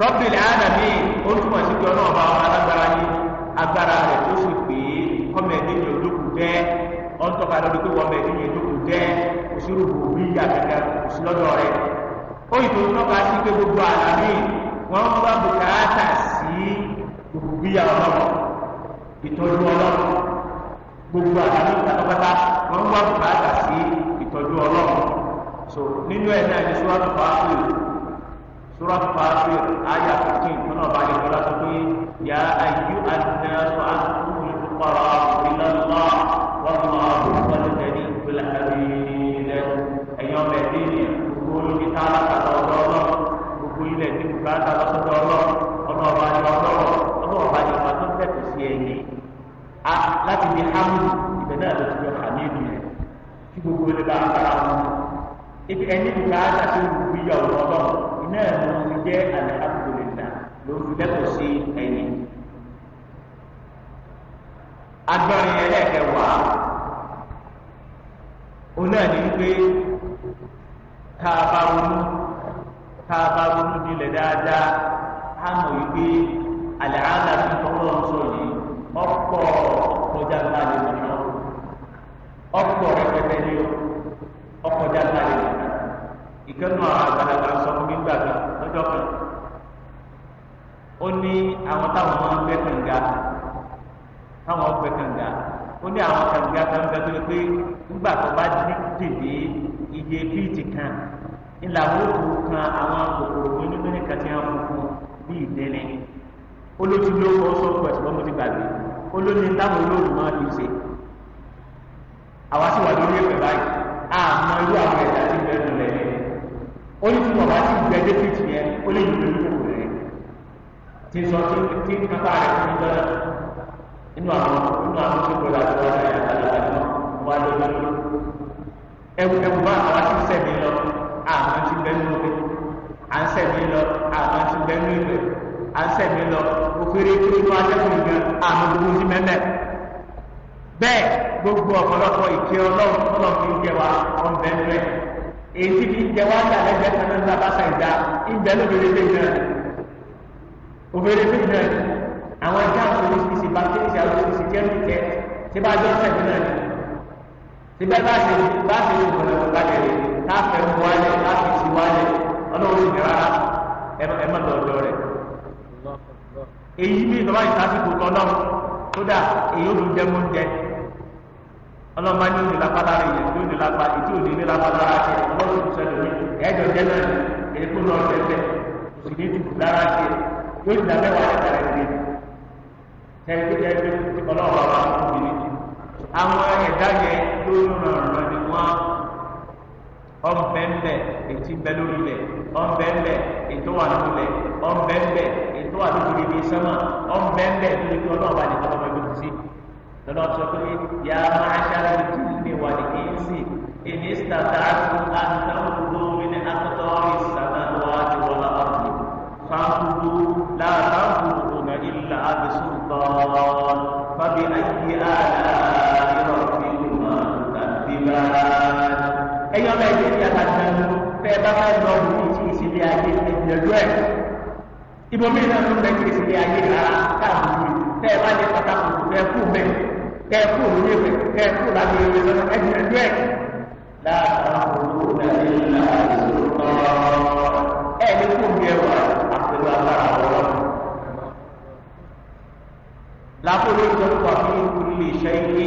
S1: rọ́bìlì ádàmì olùkọ́ sí pé ọlọ́ọ̀bá alágbára ní agbára rẹ̀ tó sì pé kọ́mẹ̀ẹ́dínlẹ̀ olókùn bẹ́ẹ̀ ọ̀ ń tọ́ka lórí pé wọ́n bẹ̀ nínú ìdókòó jẹ́ òṣèlú bòbí àtẹ̀tẹ̀ òṣìlọ́dọ̀ rẹ̀ ó yìí tó ń tọ́ka sí pé gbogbo àlàmì wọ́n ń bá bùkátà sí òbí ọlọ́run ìtọ́jú ọlọ́run gbogbo àlàmì pátápátá wọ́n ń bá bùkátà sí ìtọ́jú ọlọ́run so nínú ẹ̀ náà ní sọ́wọ́n tó bá pè é سورة فاطر آية 15 من بعد ثلاثة يا أيها الناس أنتم الفقراء ní hamidu ibẹ̀ náà ló ti lọ hamidu yẹn kí gbogbo ilé bá bára wọn ibi ẹni bí ká àtàkì olùkú yà ọ̀rọ̀ ọlọ́run iná ẹ̀mọ́ ti jẹ́ alihamudulilá ló fi lẹ́kọ̀ọ́ sí ẹ̀yìn. agbọ́nrin ẹlẹ́kẹ̀wàá òun náà ní wípé tá a bá ronú tá a bá ronú jinlẹ̀ dáadáa á mọ̀ wípé àlẹ́ àádá fi tọ́wọ́ sọ yìí ọ̀pọ̀ ọkọjá ńlá lè mọ náà ọkọ rẹpẹtẹ ni o ọkọjá ńlá lè mọ náà ìkẹnu àwọn àgbàlagbà sọ fún mi gbàgbà lọ́jọ́ kan ó ní àwọn táwọn máa ń gbẹ́ kànga táwọn ń gbẹ́ kànga ó ní àwọn kànga kan ń bẹ tó yẹ pé nígbà tó bá dìde iye bíìtì kan ńlá wọ́pọ̀ kan àwọn kòkòrò onígbẹ́ni kan ti hàn fún bí ìdẹ́lẹ̀ ó lójú ló kọ́ sọ́kùn ẹ̀sìn lọ́mọdé gbàgbé olómi táwọn olóòlù máa fi ṣe
S2: àwa sì wà lórí
S1: ẹ̀fẹ̀ báyìí àmọ́ irú àwọn ẹ̀dá ti bẹ́ẹ̀ lulẹ̀ yẹn ó ní tí wọ́n bá ti gbẹ dékìtì yẹn ó lè yí lórí kòkòrò rẹ̀ tí sọ tí tí kápá rẹ̀ fún mi lọ́dọ̀ inú àwọn inú àwọn tó gbọdọ̀ àti wọn náà yàtọ̀ lọ́dọ̀ náà wọ́n á lọ lọ́dọ̀ ẹ̀wù ẹ̀wù bá àwa ti sẹ̀mí lọ àmọ́ ti bẹ́ẹ̀ lọ àmọ́ ti bẹ́ẹ̀ lọ péréte nínú atẹ́kùn gan àmọ́ gbogbo sí mẹ́mẹ́ bẹ́ẹ̀ gbogbo ọ̀pọ̀lọpọ̀ ìké ọlọ́run tọ́lọ̀ fi ń jẹ wa ọ̀nbẹ ńlẹ̀ èyí tí fi ń jẹ wa dà lẹ́gbẹ̀ẹ́ sẹ́nu ńlá bá ṣàìdá ìgbẹ́ lóbèrè lè náà òbèrè lè náà àwọn ẹja oríṣiríṣi bàtẹ́ẹ̀sì àwọn oríṣiríṣi jẹ́ nìkẹ́ tí bá jọ sẹ́nu náà ni tí bá ṣe bá ṣe lè wọlé wọlé bàjẹ́ rẹ̀ káfẹ́ èyí bí ìtọ́wá ìsásìkò tọ́lọ́ kódà èyí ó dùn jẹmú jẹ ọlọ́mọ ní òde lápá lára èyí tí òde lápá èyí tí òde ní lápá lára tiẹ̀ lọ́dún tó sẹ́lẹ̀ ní ẹ̀jọ̀ jẹ́ náà èyí tó lọ tẹ̀tẹ̀ kò sì ní dùn lára tiẹ̀ yóò ti dàbẹ́ wàá ẹ̀ka rẹ̀ gbé tẹ̀sí tẹ̀sí ọlọ́wọ́ àwọn obìnrin jù àwọn ẹ̀dá yẹn ló ń ràn ràn ní wọn ọ̀nbẹ́ńbẹ́ ètí bẹ́ lórí lẹ̀ ọ̀nbẹ́ńbẹ́ ètò wà lórí lẹ̀ ọ̀nbẹ́ńbẹ́ tó wà lójú bíbí sẹ́mà ọ̀nbẹ́ńbẹ́ tó lè fi ọlọ́ọ̀bá ní ọlọ́mọ ẹgbẹ́ ti sí lọ́dọ̀ sọ pé yà á máa ṣára lójú mi wà ní kí n sì èmi sàtà àti àtàkùnkùn mi ní akọ́tọ́ ìsàmà wà ní wọlá ọ̀dùn fàkùnkù láàkàkùnkùn náà ìlà àbẹ̀sùn tọ́ọ̀ fàbí àyè àlà ìrọ̀lẹ́ ìlú ẹ̀yọ́ bẹ́ẹ̀ ṣe ti àtàkùn fẹ́ẹ́ bá fẹ́ẹ́ lọ wù ní ti ìṣẹ̀lẹ̀ ayé ẹ̀jẹ̀ lọ́ẹ̀. ìbomi náà ló ń bẹ kiri sílé ayé rárá káàkiri tẹ ẹ bá lè pàtàkì tẹ ẹ kú mẹ tẹ ẹ kú òun yé mẹ tẹ ẹ kú láti ẹ lọ ẹ jìnnà jù ẹ. láàárọ̀ òwò náà ní ìlànà ẹ ní kó mi ẹwà àpẹlú agbára ọ̀rọ̀. láàbùrò ìjọba fún ilé iṣẹ́ ilé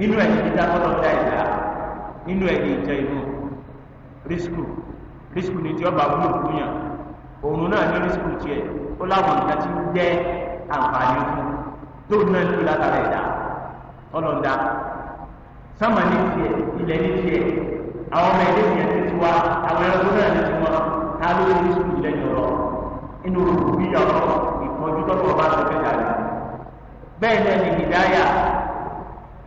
S1: nínú ẹ̀ ní dá tọ́lọ̀ dá ìdá nínú ẹ̀ ní ìjẹ inú rísíkù rísíkù ní tí ọba wúlò fún yàn òun náà ní rísíkù tiẹ̀ ó láwọn nǹkan tí ń jẹ́ àǹfààní fún tó náà ní látara ìdá tọ́lọ̀ dá sámà ní tiẹ̀ ilẹ̀ ní tiẹ̀ àwọn ọmọ ẹ̀dẹ́ tiẹ̀ ti tiwa àwọn ẹranko náà ní tiwọn ká ló ní rísíkù ilẹ̀ ní inú òkú yíyá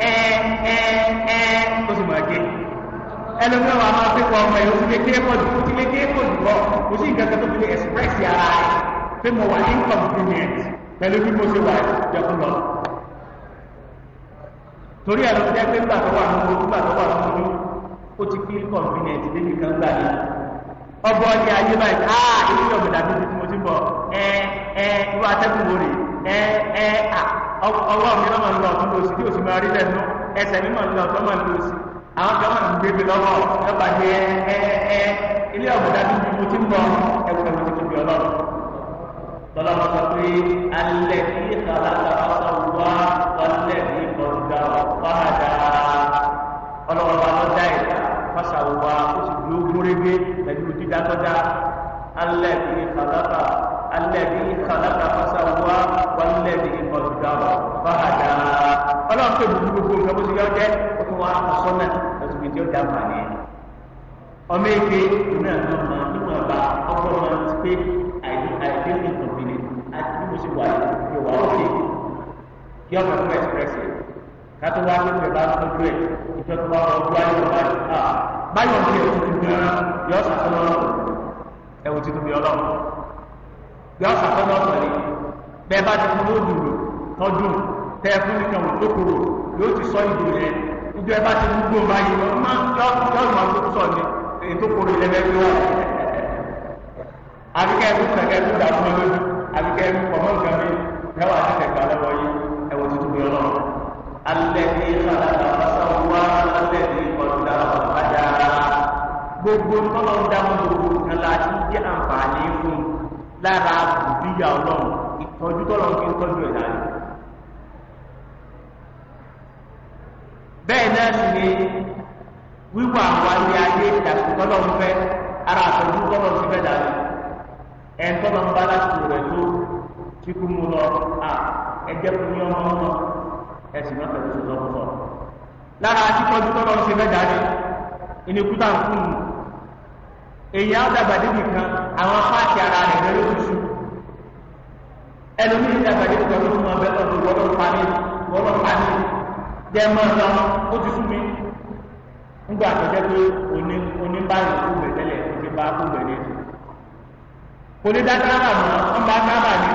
S1: ẹ ẹ ẹ kó sì máa gé ẹlòmíràn wà máa fi kọ ọmọ yìí ó ti lè gé kọjú ó ti lè gé kọjú kọ kò sí nǹkan kan tó fi lè express ara rẹ pé mo wà inconvenient pẹ̀lú bí mo ṣe wà jẹun lọ torí ẹ̀ ló ti jẹ́ pé nígbà tó wà nínú nígbà tó wà nínú ó ti feel convenient débi kan gbà ní ọbọ ní ayé báyìí á ìlú ọ̀gbẹ̀dà tó ti mo ti bọ̀ ẹ ẹ irú atẹ́gùn wo rè ẹ ẹ à ọwọ́ mi náà máa lọ ọ̀tún lòsì tí òsì máa rí lẹ́nu ẹsẹ̀ mi máa lọ ọ̀tún máa lòsì àwọn kan máa ń gbé mi lọ́wọ́ lọ́ba ní ẹ ẹ ẹ ilé ọ̀gbọ̀dá bí mo ti ń bọ̀ ẹ̀wọ̀n mi ti tóbi ọlọ́run tọ́lọ́mọ sọ pé alẹ́ jẹ́ ó tún wá àkọsọ́nà lọ́sí ibi tí O dá màá yẹn. ọmọ èké ìmúra náà mọ níwọ̀n bá ọkọ máa ti pé àìdé ní ìkànnì àti bí mo ṣe wà yóò wá òkè kí ọmọ ẹ̀kọ́ ẹ̀sìpẹ̀sì kátó wá ní ìfẹ́ bá tó dúró ẹ̀ ìfẹ́ tó wá ọdún ayọ̀ báyìí báyọ̀ ní ẹ̀kú ti gbẹ̀rẹ̀ yọ sàkọ́nà ẹ̀wù ti tóbi ọlọ́run yọ sàkọ́nà ọ̀sán ni bẹ́ẹ̀ bá ti fún lóòdù tọ́jú tẹ́ fún nìkan òkúrò yóò ti sọ ìdù rẹ̀ gbogbo ẹ bá ti gbogbo báyìí lọ má jọ́ọ̀nù máa tó sọ ní èyí tó kórè lẹ́gbẹ́ tó wà. àbíkẹ́ ẹ̀kú kẹ̀kẹ́ tó dà lójú àbíkẹ́ mi ẹwà ti lọ́wọ́ yìí bí ọlọ́run. alẹ́ ní ìfàlàlà wá alẹ́ ní gbogbo náà sì ni wíwà wà ní ayé ìdàkùnkọ́lọ́ ń fẹ́ ara àtọ́jú kọ́lọ́ sí fẹ́ dàrú ẹ̀ńtọ́ lọ ń bá láti rẹ̀ tó tí kú mu lọ à ẹ̀jẹ̀ ní ọmọ ọmọ ẹ̀sìn náà fẹ́ tó sọ. lára àtìkọ́jú kọ́lọ́ sí fẹ́ dàrú ìnìkúta ń kú èyí á dàgbà débi kan àwọn páàkì ara rẹ̀ lórí oṣù ẹlòmíì dàgbà débi kan ló mú ọbẹ̀ lọ́dún wọ́lọ́ pa jẹ́ mọ́ ọ̀sán ó ti sún mi nígbà tó jẹ́ pé oníbàyàn kú bẹ̀ tẹ́lẹ̀ ti bá kú bẹ̀ ní ètò kò ní dáadáa bà mọ́ wọ́n bá sábà ní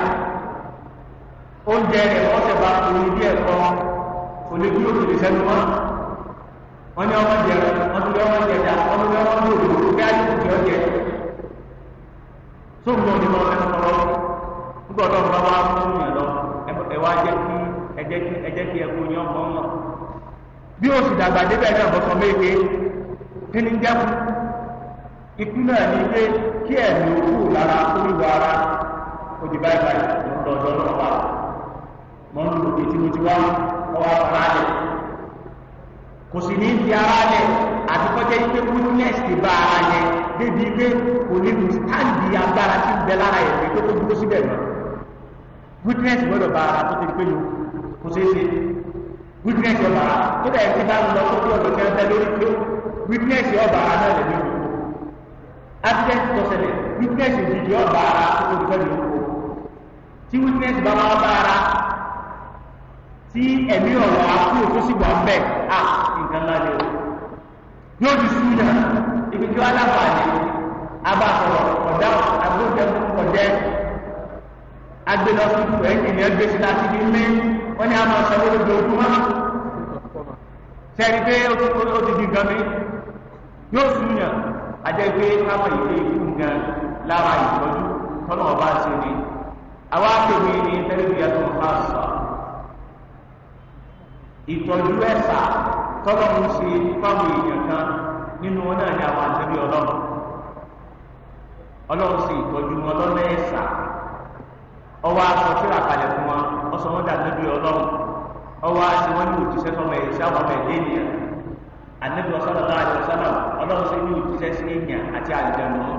S1: oúnjẹ rẹ̀ wọ́n ti bá kú ní díẹ̀ kọ́ kò ní kúrò kìlì sẹ́nu mọ́
S2: wọ́n ní ọmọ jẹ wọ́n tún lé ọmọ jẹ dá wọ́n tún lé ọmọ jẹ òdòdó kí á yìí kì í ọjẹ
S1: tó ń bọ̀ ní ọmọ ẹnu kọ́ lọ́wọ́ nígbà tó ń bá wá fún ìyàn lọ ẹ wá jẹ́ ẹjẹ́ kí ẹjẹ́ kí ẹ̀kọ́ ní ọkọ̀ ọmọ bí oṣù dàgbà débẹ̀ náà bọ́sọ̀ méje kí ni jẹ́kù ikú náà ní pé kí ẹ̀mí òkú lára oríwọ ara ó di báyìí báyìí mo ń lọ ọjọ́ náà wà mo ń lò pé tí mo ti wá ọwọ́ ara rẹ̀ kò sì ní di ara rẹ̀ àti kọjá yìí pé goodness ti bá ara yẹn débi pé kò ní lu stand agbára tí ń bẹ lára yẹn pé kó tó dúró síbẹ̀ mọ́ goodness gbọ́dọ̀ bá ara tó ti pé yòókù kò ṣeé ṣe witness ọba tó dà ẹ̀sìn bá ń lọ sókè ọ̀dọ̀ kí wọ́n bẹ lórí pé witness ọba náà lè lórí accident tó ṣẹlẹ̀ witness òjijì ọba ara tó kó lè lórí kó tí witness bá máa bá ara tí ẹ̀mí ọ̀rọ̀ àkúrò tó sì wà ń bẹ̀ à nǹkan ńlá lè o yóò di súnà ibi tí wọ́n alábà ní abasọ̀rọ̀ ọ̀dá agbóhùn ọ̀dẹ́ agbélọ́sùn ẹ̀jìnlẹ̀ gbèsè láti fi mẹ́rin wọ́n ní a máa sanwó lójú ojú wọn sẹ́ni pé ó ti di gan mi yóò sùn yàn àjẹ́ pé káwọn ìwé ikú gan lára ìtọ́jú tọ́nà ọba ṣe ni àwa akéwì ní tẹ́lifíà tó ń fa sọ ìtọ́jú ẹ̀sà tọ́nà ń ṣe fáwọn èèyàn kan nínú wọn náà ní àwọn àtẹ́bí ọlọ́run ọlọ́run ṣe ìtọ́jú wọn lọ́nà ẹ̀sà ọwọ́ aṣọ síra kalẹ̀ fún wa ọsọ wọn dàbí bí ọlọ́run ọwọ́ aṣọ wọn ní òjíṣẹ́ sọmọ ẹ̀ sábà mẹ́ lẹ́nìyà ànábì ọ̀sán ọ̀la àti ọ̀sán náà ọlọ́run ṣe ní òjíṣẹ́ sí èèyàn àti àlùjànnú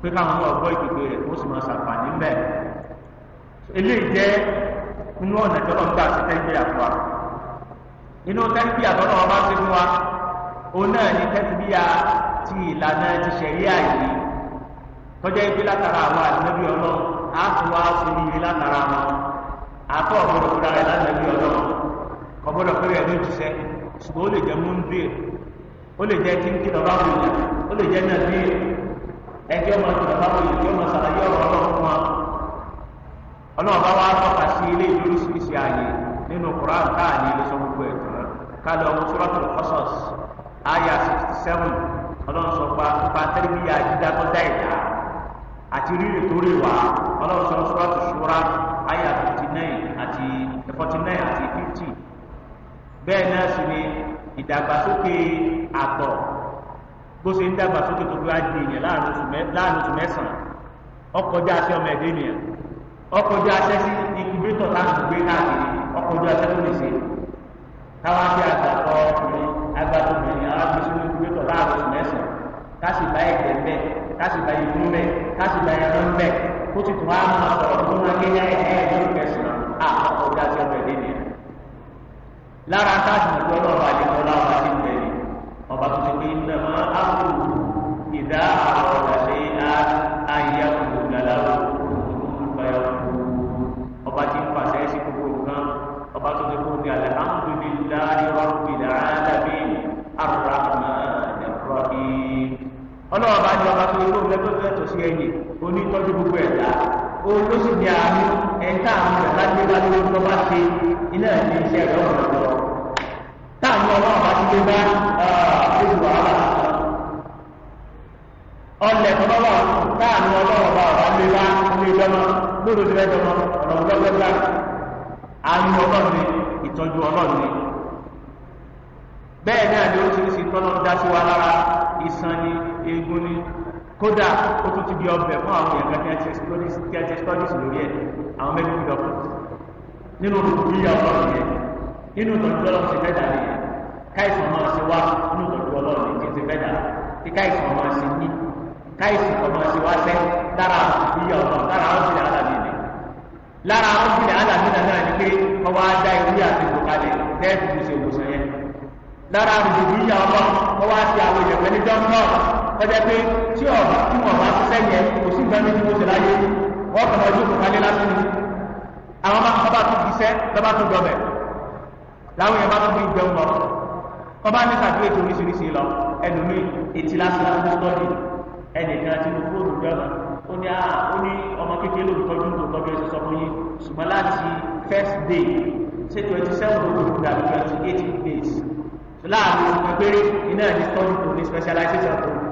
S1: pé káwọn náà gbọ́ ìpèpè rẹ̀ kó sì máa ṣàǹfààní ń bẹ̀. eléyìí jẹ́ inú ọ̀nà tí ọlọ́run gbà sí tẹ́ńpì àfọwà inú tẹ́ńpì àtọ́nà ọba ṣe fún wa òun náà ní tẹ́ńpì ti ìlànà ti ṣẹ̀ríà yìí tọ́jà ìgbé látara àwọn ànábì ọlọ́run á tún wá sórí ilé látara wọn àtọ́ ọ̀gbọ́dọ̀ fúnra rẹ̀ lánàbí ọlọ́run ọ̀gbọ́dọ̀ fúnra rẹ̀ ló jíṣẹ́ ṣùgbọ́n ó lè jẹ́ múndé ó lè jẹ́ kíńkí lọ́ba wòye ó lè jẹ́ nàbí ẹjẹ́ ọmọ tó lọ́ba wòye tí ọmọ sàlàyé ọ̀rọ̀ ọlọ́run wọn ọlọ́run bá wá tọ́ka sí ilé lóríṣiríṣi ààyè nínú Qur'an káàní ilé sọ gbogbo ẹ̀ tán kálọ̀ ọmọ Suratul Qasas àyà sixty seven ọlọ́run sọ pa pa tẹ́lifíyà jíjá tó dá ìdá àti rírì tó rí wá ọlọ́run sọ sọ́ọ́tù ṣúra àyà fifty nine àti forty nine àti fifty bẹ́ẹ̀ náà sì ni ìdàgbàsókè àtọ̀ bó ṣe ń dàgbàsókè tó gbéra di èèyàn láàrin oṣù mẹ́sàn-án ọkọjá aṣẹ ọmọ ẹ̀dẹ́ ènìyàn ọkọjá aṣẹ sí incubator táwọn gbé káàkiri ọkọjá aṣẹ tó lè ṣe táwọn abẹ́ àgbàtọ̀ ọkùnrin agbátọ̀ obìnrin àwọn agbésí incubator láàrin oṣù mẹ́sàn-án ká sì bá ẹ̀jẹ̀ bẹ́ẹ̀ káṣì bá yìí fún bẹ́ẹ̀ káṣì bá yìí rán bẹ́ẹ̀ kó sì tún wá máa sọ̀rọ̀ fún wọn kéde ẹ̀ẹ́ lórí kẹsàn-án àkọ́kọ́ dájú ọ̀rọ̀ ẹ̀dẹ́ nìyẹn. lára káṣì ìgbọ́dọ̀ ọba àdìgbò láwọn àdìgbò ẹ̀rí ọba tuntun onítọ́jú gbogbo ẹ̀dá olóṣù ní àánú ẹ̀ka àwọn ẹ̀ka tí wọ́n lórí tó bá ṣe iná ní iṣẹ́ rẹ̀ ọ̀rọ̀ lọ. táwọn ọlọ́run bá ti gbé bá oṣù wàhálà ọlẹ̀ tọ́lọ́wọ́ táwọn ọlọ́run bá ọ̀rọ̀ lé bá ilé ìjọba lóòrò ti rẹ̀ jọmọ ọ̀rọ̀ lọ́gbẹ́gbà àánú ọlọ́run ni ìtọ́jú ọlọ́run ni bẹ́ẹ̀ ni oríṣiríṣi tọ́lọ́ dá sí wa lára ìsan ni eegun kódà ó tún ti di ọbẹ̀ fún àwọn èèyàn kan tí a ti studies lórí ẹ̀ àwọn medical doctors nínú olùkú yíyá ọlọ́run yẹn nínú ìtọ́jú ọlọ́run ti fẹ́ dà nìyẹn káìsàn máa ṣe wá nínú ìtọ́jú ọlọ́run yẹn ti fẹ́ dà kí káìsàn máa ṣe ní káìsàn kan máa ṣe wá sẹ́ dára yíyá ọlọ́run dára lára ó ti dà náà ni pé ọwọ́ á ìwé àti ìbùkalẹ̀ tẹ́ẹ̀tì ṣe ìwòsàn yẹn lára olùkú yíyá ọlọ́run ọwọ́ á àwọn èèyàn pẹ̀lú dọ́kítọ̀ ọjà pé tí ọba tí wọn bá ṣiṣẹ́ yẹn kò sí ìgbà méjì mo ṣe láyé wọn kàn ọjọ́ kò kálé lásán ni àwọn máa kọ́ bá tún jíṣẹ́ lọ́ba tún dọ̀bẹ̀ láwọn yẹn bá tún bí ìgbẹ́ wọn kọ́ bá ní sàdúrà ètò oríṣiríṣi lọ ẹnùmí etí lásán lásán tó tọ́jú ẹnìkan tí mo fóònù gbẹ́wọ̀n ó ní ó ní ọmọ kékeré olùtọ́jú olùtọ́jú ẹ̀sẹ̀ sọ fún yín ṣùgbọ́n láti first day ṣe twenty seven to twenty eight days láàrin ìgbẹ́gbẹ́rẹ́ iná ìdí tọ́jú tó ní specialization tó ní.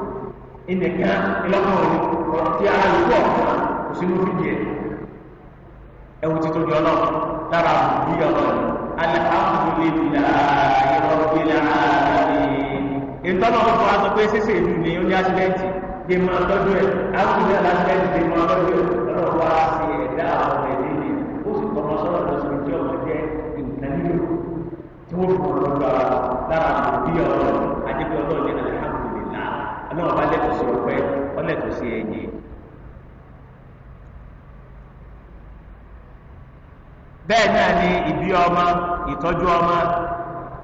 S1: ìnìkan ìlọ́kàn òní tí ara yòókù ọ̀kan kò sínú fídíì ẹ̀ ẹ̀wù ti tóbi ọlọ́run lára àbùbí ọlọ́run alihamudulilayi rọ̀bìlà ààrẹ ìtọ́nà ọkọ̀ aṣọ pé ṣíṣe ìlú ni ó ní aṣídẹ́ǹtì gbé máa tọ́jú ẹ̀ áwùjọ aṣídẹ́ǹtì gbé máa tọ́jú ẹ̀ lọ́wọ́ wá sí ẹ̀dá àwọn ẹ̀dẹ́ ni ó sì tọmọ sọ́rọ̀ lọ sí ìjọ ọmọ jẹ́ nǹkan nílò tí wọ́n fi wọn lọ́gbà lára àbùbí ọlọ́run àdébí ọlọ́run ọlọ́run bá lẹ́tọ̀ọ́ sí ọpẹ́ ọlẹ́tọ̀ọ́ sí ẹ̀yìn. bẹ́ẹ̀ náà ni ìbí ọmọ ìtọ́jú ọmọ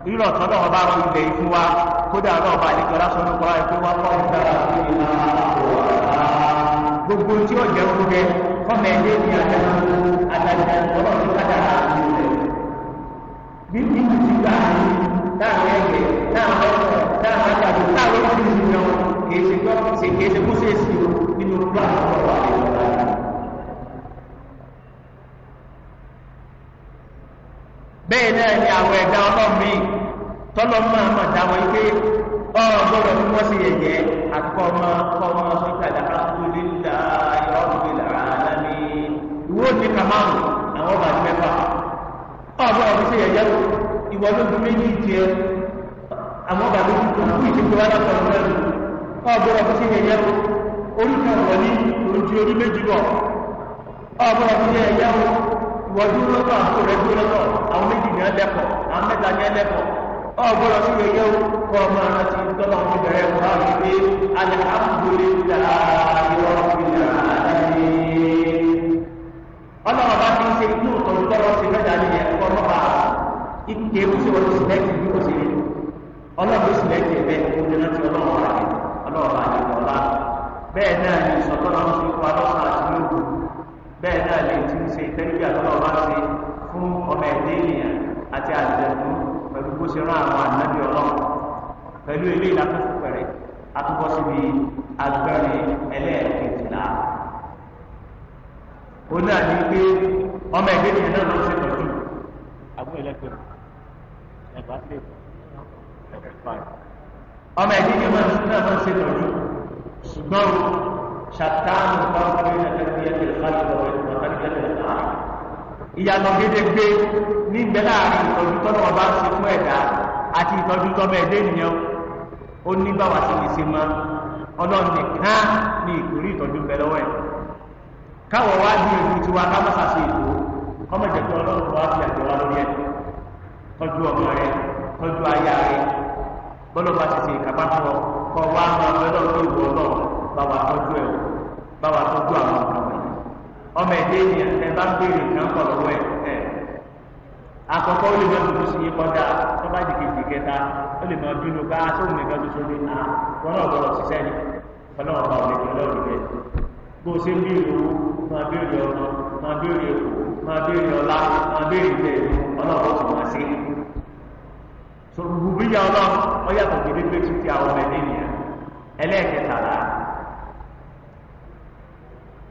S1: rírọ̀ tọ́lọ́ ọba àwọn ilẹ̀ ìfún wa kódà ọlọ́ọ̀ba àlejò lásán ló kọ́ra ìpín wa kọ́ ìdára sí ìlà gbogbo tí ó jẹ́ oúnjẹ fọ́mọ ẹ̀dẹ́ ní àdáná àdáná ọlọ́run kádàrá àti ilẹ̀ bí bí ti gbà láàrin ẹ̀jẹ̀ láàrin ọ̀sán láàrin ọ̀sán kìí gbọ́ ṣe kìí ṣe kúṣe sí o nínú gbọ́ àwọn ọ̀rọ̀ àlejò ọ̀la. bẹ́ẹ̀ náà ni àwọn ẹ̀dá ọlọ́mí tọ́lọ́ máa mọ̀ dá wọn pé ọ̀rọ̀ gbọ́dọ̀ ni wọ́n ṣe yẹ̀yẹ́ àkọ́ ọmọ ọkọ́ ọmọ sọ́kàdà àkúlélá ìyọ́ọ̀dúnlá alámi ìwé òní kàmáàmù àwọn ọba àti mẹ́fà ni ọ̀rọ̀ ṣe yẹ̀yẹ́ ìwọ́dún méjì jẹ àwọn ọba àti mẹ́fà kú ìṣèjọba látọ̀ ọ̀rọ̀ ọgbọ́dọ̀ fi sí ẹ̀yẹ́ o orúkọ ọ̀rọ̀ ní orúkọ orí méjì bọ̀
S2: ọgbọ́dọ̀ fi sí ẹ̀yẹ́ o ìwọ́dún lọ́tọ̀ àti rẹ̀ dúró lọ́tọ̀ àwọn méjì
S1: ní ẹlẹ́pọ̀ àwọn mẹ́ta ní ẹlẹ́pọ̀ ọgbọ́dọ̀ fi ẹ̀yẹ́ o kọ́ ọmọ ara ti tọ́lọ̀ ọmọ bẹ̀rẹ̀ ọ̀rọ̀ àti pé alhamdulilayi ọlọ́run bá ti ń ṣe ọlọ́ọ̀bà àdìgbọ̀lá bẹ́ẹ̀ náà ni ìsọ̀tọ́nà ń ṣe wà lọ́sàn àti lóògùn bẹ́ẹ̀ náà lè ti ń ṣe ìtẹ́lẹ́bí àtọ́lọ́ọ̀bá ṣe fún ọmọ ẹ̀dẹ́ ènìyàn àti àjẹ̀dún pẹ̀lú bó ṣe rán àwọn ànábì ọlọ́run pẹ̀lú ilé ìlàkùnkùn pẹ̀rẹ̀ àtúbọ̀ síbi agbẹ́rin ẹlẹ́ẹ̀kejìlá
S2: ó náà ní pé ọmọ ẹ̀dẹ́ ènìyàn náà lọ́ọ́ ṣètọ́jú
S1: àbúrò ẹlẹ́gbẹ̀rún ẹgbàá sílẹ̀ ẹgbẹ̀rún ọmọ ẹ̀dí ni máa náà máa ṣe pẹ̀lú ṣùgbọ́n ṣàtàánù pàápàá ní ẹgbẹ́ ẹgbẹ́ ìfàlùfọ̀ ẹgbẹ́ ìfàlùfọ̀ ìyàtọ̀ gédégbé ní ìgbẹ́ láàrin ìtọ́jú tọ́nà ọba ń ṣe fún ẹ̀dá àti ìtọ́jú tọ́mọ ẹ̀dẹ́ ènìyàn ó ní báwa sì lè ṣe mọ́ ọlọ́run nìkan ní ìkórí ìtọ́jú bẹ lọ́wọ́ ẹ̀ bọ́lọ̀ bá ti ṣe ìkápá fún ọ kọ́ wá máa fẹ́ lọ sí ìwọ ọlọ́run báwa tọ́jú ẹ̀ báwa tọ́jú àwọn ọ̀kan wọ̀nyí. ọmọ ẹ̀dẹ́ ènìyàn ẹ bá ń béèrè nǹkan pọ̀ lọ́wọ́ ẹ̀ ẹ̀ àkọ́kọ́ ó lè mọ tuntun sí yín kọjá tó bá jìkì jì kẹta ó lè mọ bínú ká ah, sóhun nìkan tó sóbi náà wọn náà bọ̀rọ̀ ṣiṣẹ́ ni ọlọ́run bá òun ìpínlẹ̀ òun rẹ̀ bó ṣe ń béèrè owó sòrùbùbíyà ọlọ́run ó yàtọ̀ gbèdégbé sí ti àwọn ọmọ ẹ̀dẹ́ nìyẹn ẹlẹ́ẹ̀kẹtàlá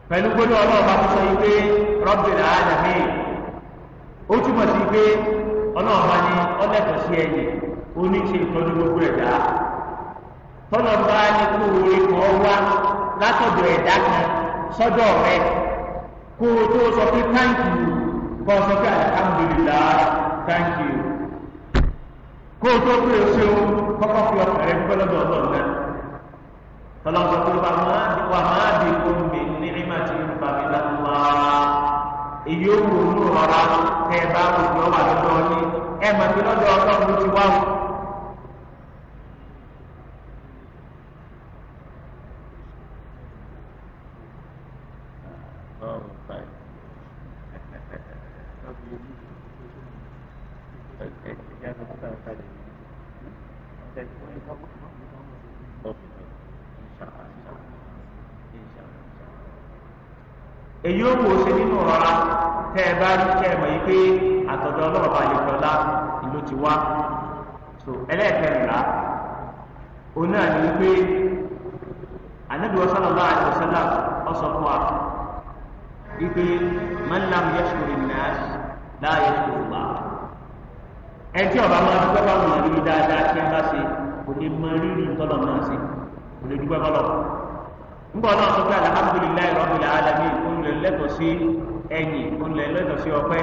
S1: pẹ̀lú gbọ́dọ̀ ọlọ́run bá tó sọ yìí pé Rabbil alamin ó túmọ̀ sí pé ọlọ́run bá ní ọlẹ́tọ̀ sí ẹ̀yìn oníṣe ìtọ́jú gbogbo ẹ̀dá tọ́lọ̀ bá ní kó orí kan wá látọ̀dọ̀ ẹ̀dá kan sọ́dọ̀ rẹ̀ kó o tó sọ pé táǹkì kó sọ pé alhamdulillah táǹkì o kó o tó kú èsì o kọ́kọ́ fi ọkọ̀ rẹ̀ gbẹ́ lọ́dọ̀ ọ̀dọ̀ rẹ̀ tọ́lọ́sọ pé wà máa di omi ní ìmọ̀ tí ń bá èyí ó wù ú rọra kẹ́ ẹ bá wù ú lọ́wọ́ àdúgbò ní ẹ mọ̀ pé lọ́dọ̀ ọlọ́run ti wá wù sí ẹyìn ó lẹ̀ lẹ́tọ̀ sí ọpẹ́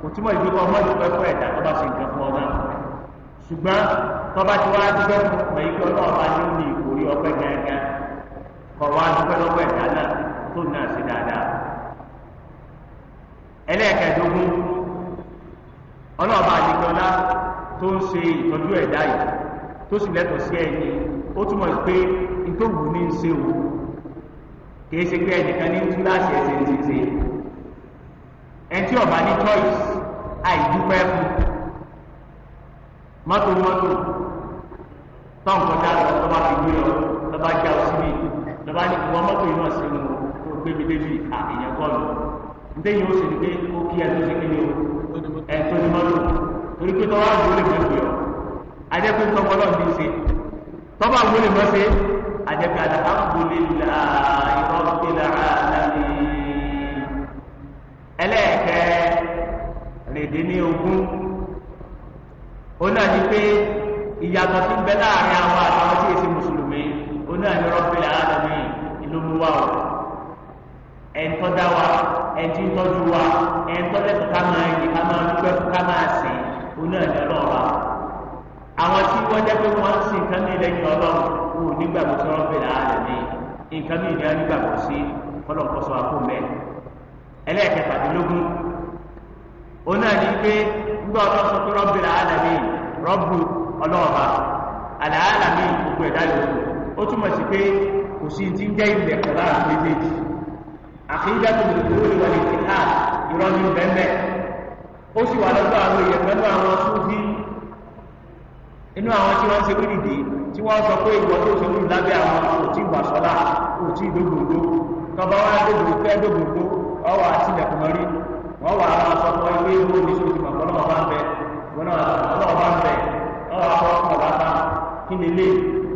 S1: kò túmọ̀ ìdí kọ́ ọmọ ìdúpẹ́ fún ẹ̀dá tó bá ṣe nǹkan fún ọgá ṣùgbọ́n tọ́ba ti wá dúpẹ́ pẹ̀lú ìgbọ́ náà bá ní ní ìkórè ọpẹ́ gángan kọ̀ wá dúpẹ́ ẹ̀dá náà tó náà dáadáa ẹlẹ́ẹ̀kẹ́dógún ọlọ́ọ̀bá àdìgbọ́lá tó ń ṣe ìtọ́jú ẹ̀dá yìí tó sì lẹ́tọ̀ọ́ sí ẹ̀yìn ó túmọ̀ pé ìtòwú ní í ṣe òun kìí ṣe pé ẹnìkan ní kíláàsì ẹsẹ̀ ní ṣíṣe ẹni tí ọba ní choice àìdúpẹ́ fún mọ́tò mọ́tò tó nǹkan dá lọ lọ́ba fi gbé lọ lọ́ba já ọ síbi lọ́ba ní ìwọ mọ́tò yìí náà sí mu kó gbé mi débi àìyẹn kọ́ lọ ntẹ́yìn ó sì ní pé ó kí ẹ tó ṣe kéde o ẹ tó ní mọ́tò torí pé tọ́wọ́ àwọn olè mọ́ ṣe ọ ajẹ́ pé tọ́gbọ́n náà ti ṣe tọ́ba àwọn olè mọ́ ṣe àjẹpẹ alhamdulillahi rabbil alamin ẹlẹẹkẹ rèdè ní ogún ó náà ní pé ìyàtọ̀ tí ń bẹ láàrin àwọn àtàwọn tí èsì mùsùlùmí ó náà ní rabbil alamin ìlú mú wa o ẹ̀ńtọ́ dá wa ẹ̀ńtí tọ́jú wa ẹ̀ńtọ́ lẹ́tọ̀ọ́ ká máa yìí ká máa dúpẹ́ ká máa sìn ó náà ní ọlọ́ọ̀ba àwọn tí wọ́n jẹ́ pé wọ́n ń sìn kán ilẹ̀ yìí nígbàgbọ́ tí wọ́n bẹ̀rẹ̀ ààrẹ ní nǹkan mí ìdí anígbàgbọ́ sí kọ́lọ́kọ́sọ akóńbẹ́ ẹlẹ́ẹ̀kẹfàdínlógún òun náà ní pé nígbà ọlọ́run sọ pé rọ́bìnrin ààrẹ ní rọ́bù ọlọ́ọ̀ba àlàálà ní gbogbo ẹ̀dá yòókù ó túmọ̀ sí pé kò sí ti ń jẹ́ ilẹ̀ méjèèjì inú àwọn tí wọ́n ṣe wíìdì tí wọ́n sọ pé ìwọ tó ṣe wíìdì lábẹ́ àwọn kò tí wà sọ́lá kò tí dógòdó tọba wa dógòdó fẹ́ dógòdó ọwọ́ àti ilẹ̀kùn rí wọ́n wà á sọ fún ẹgbẹ́ ìwé oníṣòwò ti mọ̀ ọlọ́wọ́ bá ń bẹ ọlọ́wọ́ bá ń bẹ ọwọ́ àpọ̀ ọkọ̀ bá bá kí ni lé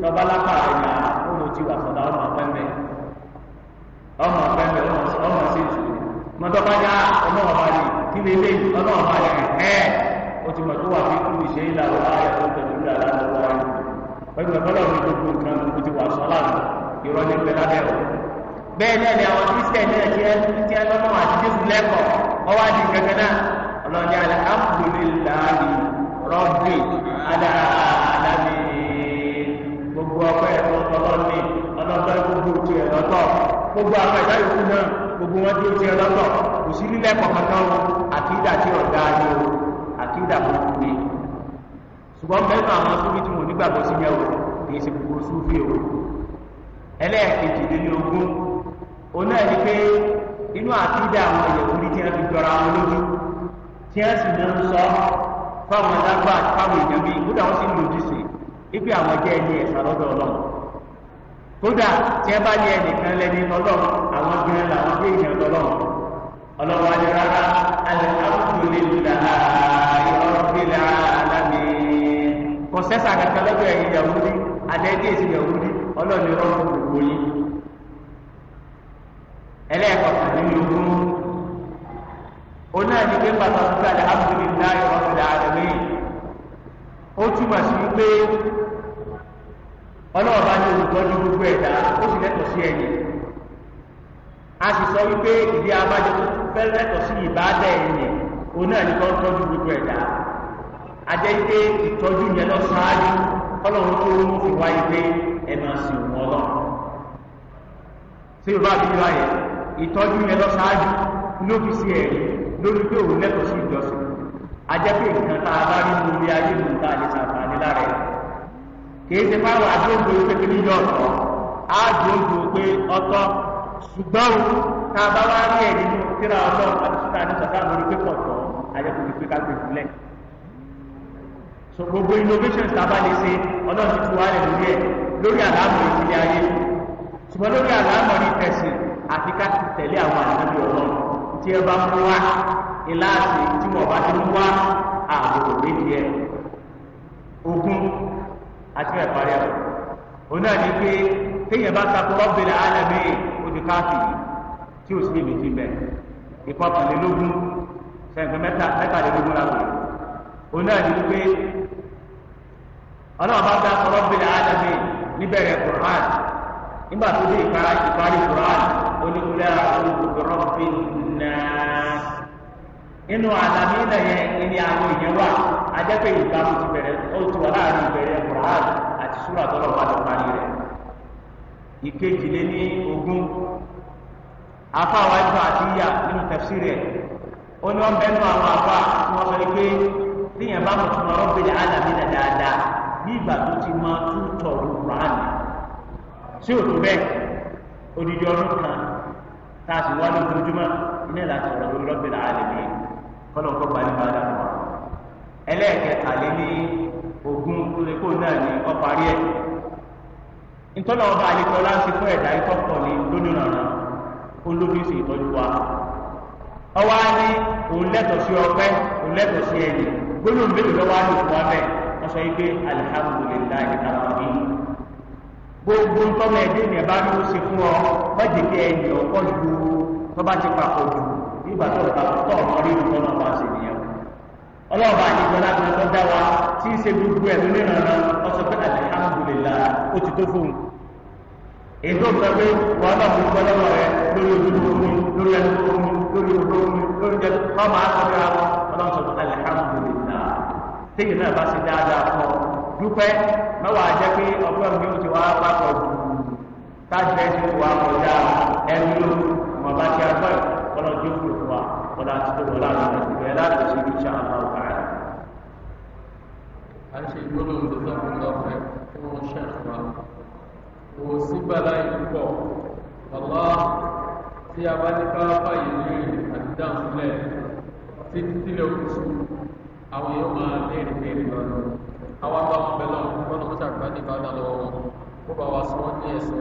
S1: tọba lápá rẹ̀ nà ọmọ tí wà sọ́lá ọmọ pẹ́ńbẹ́ ọmọ pẹ́ńbẹ́ ọmọ sí mọtọ́bájá ọlọ́wọ́ bá rí kí ni lé ọlọ́wọ́ bá rí ẹ̀ ó ti mọ̀ tó wà fi kú ìṣe ìlà tó tẹ̀ ìgbà lọ́wọ́ wa wọ́n ti bọ́lá òun gbogbo nǹkan gbogbo ti wà sọ́lá ìrọ́ ní pẹ̀lú abẹ́ o. bẹ́ẹ̀ náà ni àwọn kristian náà ti ẹ́ ti ẹ́ lọ́mọ àti jésù lẹ́kọ̀ọ́ ọwọ́ àti kankan náà ọlọ́ọ̀ni alẹ́ abudulayi rọ́bì adáadámi gbogbo ti ẹ̀ lọ́tọ̀ gbogbo àwọn ẹ̀dá yòókù náà gbogbo wọn tó ti ẹ̀ lọ́tọ̀ kò sí lílẹ̀ kọ̀ọ̀kan náà àkídà tí ọ̀dà ni o àkídà kan ṣùgbọ́n bẹ́ẹ̀ àwọn súnfì tí wọn nígbàgbọ́ sí yẹ̀wò kì í ṣe gbogbo súnfì o ẹlẹ́ẹ̀kejì lé ní ogún òun náà ni pé inú àkídà àwọn ìyẹ̀wòrí tí wọ́n fi jọra wọn lójú tí wọ́n sì máa sọ fáwọn alágbà fáwọn èèyàn bíi kódà wọ́n sì ń lòdì sí ibi àwọn jẹ́ ẹni ẹ̀sà lọ́dọ̀ ọlọ́run kódà tí wọ́n bá ní ẹnìkan lẹ́ni ọlọ́run àwọn gan làwọn gbé èèyàn kò sẹ́sà kankan lọ́dọ̀ ẹ̀yin yahudi adẹ́gbèsì yahudi ọlọ́ọ̀ni ọlọ́run gbogbo yìí ẹlẹ́ẹ̀kọ̀kan nínú ogún oná ní pé pàtàkì alhamdulilayi rabbil alamin ó túmọ̀ sí pé ọlọ́ọ̀bá ní olùtọ́jú gbogbo ẹ̀dá ó sì lẹ́tọ̀ọ́ sí ẹ̀yìn a sì sọ wípé ìdí abájọ tó fẹ́ lẹ́tọ̀ọ́ sí ìbáadẹ́ ẹ̀yìn òun náà ní kọ́ tọ́jú gbogbo ẹ̀dá ajẹ́ pé ìtọ́jú yẹn lọ ṣáájú ọlọ́run tó ń fi wáyé pé ẹ máa sìn wọn lọ. sí yorùbá àbí yorùbá yẹn ìtọ́jú yẹn lọ ṣáájú ló fi sí ẹ̀rí lórí pé òun lẹ́tọ̀ọ́ sí ìjọsìn ajẹ́ pé nǹkan tá a bá rí ní orí ayé ló ń ta àlè ṣàǹfààní lára ẹ̀. kì í ṣe fáwọn àdóńgbò kékeré yọ ọ̀tọ̀ àdóńgbò pé ọ̀tọ̀ ṣùgbọ́n tá a bá wá rí ẹ̀ nínú kíra ọlọ́run àti so gbogbo innovation tábà lè ṣe ọlọ́run ti fún wa rẹ̀ lórí ẹ̀ lórí àlámọ̀ ìtìlẹ̀ ayé ṣùgbọ́n lórí àlámọ̀ ní tẹ̀sìn àti ká ti tẹ̀lé àwọn àlámọ̀ ọlọ́run tí ẹ bá mú wa ìlàsì tí wọ́n bá ti mú wa àbò méjì ẹ ogun àti ẹ̀fárí ẹ̀ òun náà ní pé téèyàn bá takò Rabbil alamin ó ti káàkiri tí ò sí èmi ti bẹ̀ ìkọkànlélógún sẹ̀ǹkẹ́ mẹ́tàlélógún làwọn òun náà ní pé ọlọ́run bá dá Rabbil alamin níbẹ̀rẹ̀ Qur'an nígbà tó dé ìkara ìparí Qur'an oníkúlẹ̀ olùkọ́ Rabbin nas inú àlàmì ilẹ̀ yẹn àwọn èèyàn wà ajẹ́pẹ́ ìkàwé ti bẹ̀rẹ̀ ó ti wà láàrin ìbẹ̀rẹ̀ Qur'an àti súrà tọ́lọ̀ wà ló parí rẹ̀ ìkejì lé ní ogún àti nínú ó ní bẹ́ẹ̀ nù àwọn tí wọ́n sọ bí ìgbà tó ti máa tún tọ̀rù ránì sí òtò bẹ́ẹ̀ odidi ọdún kan tá a sì wá lójoojúmọ́ iná láti ọ̀rọ̀ lórí rọ́bì làálẹ̀ mi kọ́nà kó gba nípa dà fún wa ẹlẹ́ẹ̀kẹta lé ní ogún kó náà ní ọparí ẹ̀ ntọ́nà ọba àlekọ́ láti fún ẹ̀dá ikọ́ pọ̀ ní lónìí ọ̀nà olóbi sì tọ́jú wa ọwọ́ á ní òun lẹ́tọ̀ọ́ sí ọpẹ́ òun lẹ́tọ̀ọ́ sí ẹ̀yìn gbólóhùn mélòó lọ́wọ́ á lè fún wa bẹ́ẹ̀ wọ́n sọ wípé alihamudulilayi kàwábí gbogbo ntọ́mọ ẹ̀dẹ́ ni ẹ̀ bá ní ó ṣe fún ọ wọ́n jẹ́ kí ẹ̀yìn ọ̀pọ̀ ju tó bá ti papọ̀ jù nígbà tó ọ̀pá tó ọ̀mọ rí nǹkan náà wá sí nìyẹn ọlọ́ọ̀bá àdìgbò láti ọjọ́ dá wa tí ń ṣe gbogbo ẹ̀mí nìran ọ pé alihamudulilayi ó ti tó fóun ètò sọ pé wọn náà mú gbọ́dọ̀ lọ rẹ lórí ojúlówó mi lórí ẹnu omi lórí ojú omi lórí téyì náà bá ṣe dáadáa fún ọ dúpẹ́ mẹ́wàá jẹ́ pé ọgbẹ́ mi ò ti wá pápọ̀ jù táṣẹ́ ti wà kọjá ẹnu ló mọ̀ bá ṣe agbọ́ ẹ̀ kọ́lọ́ jó kúrò fún wa kọ́lá ti tó wọlé àwọn ọmọ ìgbẹ́ láti ṣe ní ṣá àwọn ọ̀gá rẹ̀. a ṣe gbọ́dọ̀ tó sọ́kùn lọ́fẹ̀ẹ́ kí wọ́n ṣe àṣà kò sí gbàlá yìí pọ̀ bàbá tí a bá ní káwá báyìí lè àti dáhùn sílẹ̀ títí sílẹ̀ òkú àwọn èèyàn máa léèrè léèrè lọ́nà àwọn àgbà wọn bẹ lọ́nà wọn lọ́mọ́sàgbà ní ìbádàn lọ́wọ́ wọn ó bá wa sọ wọ́n ní
S2: ẹ̀sìn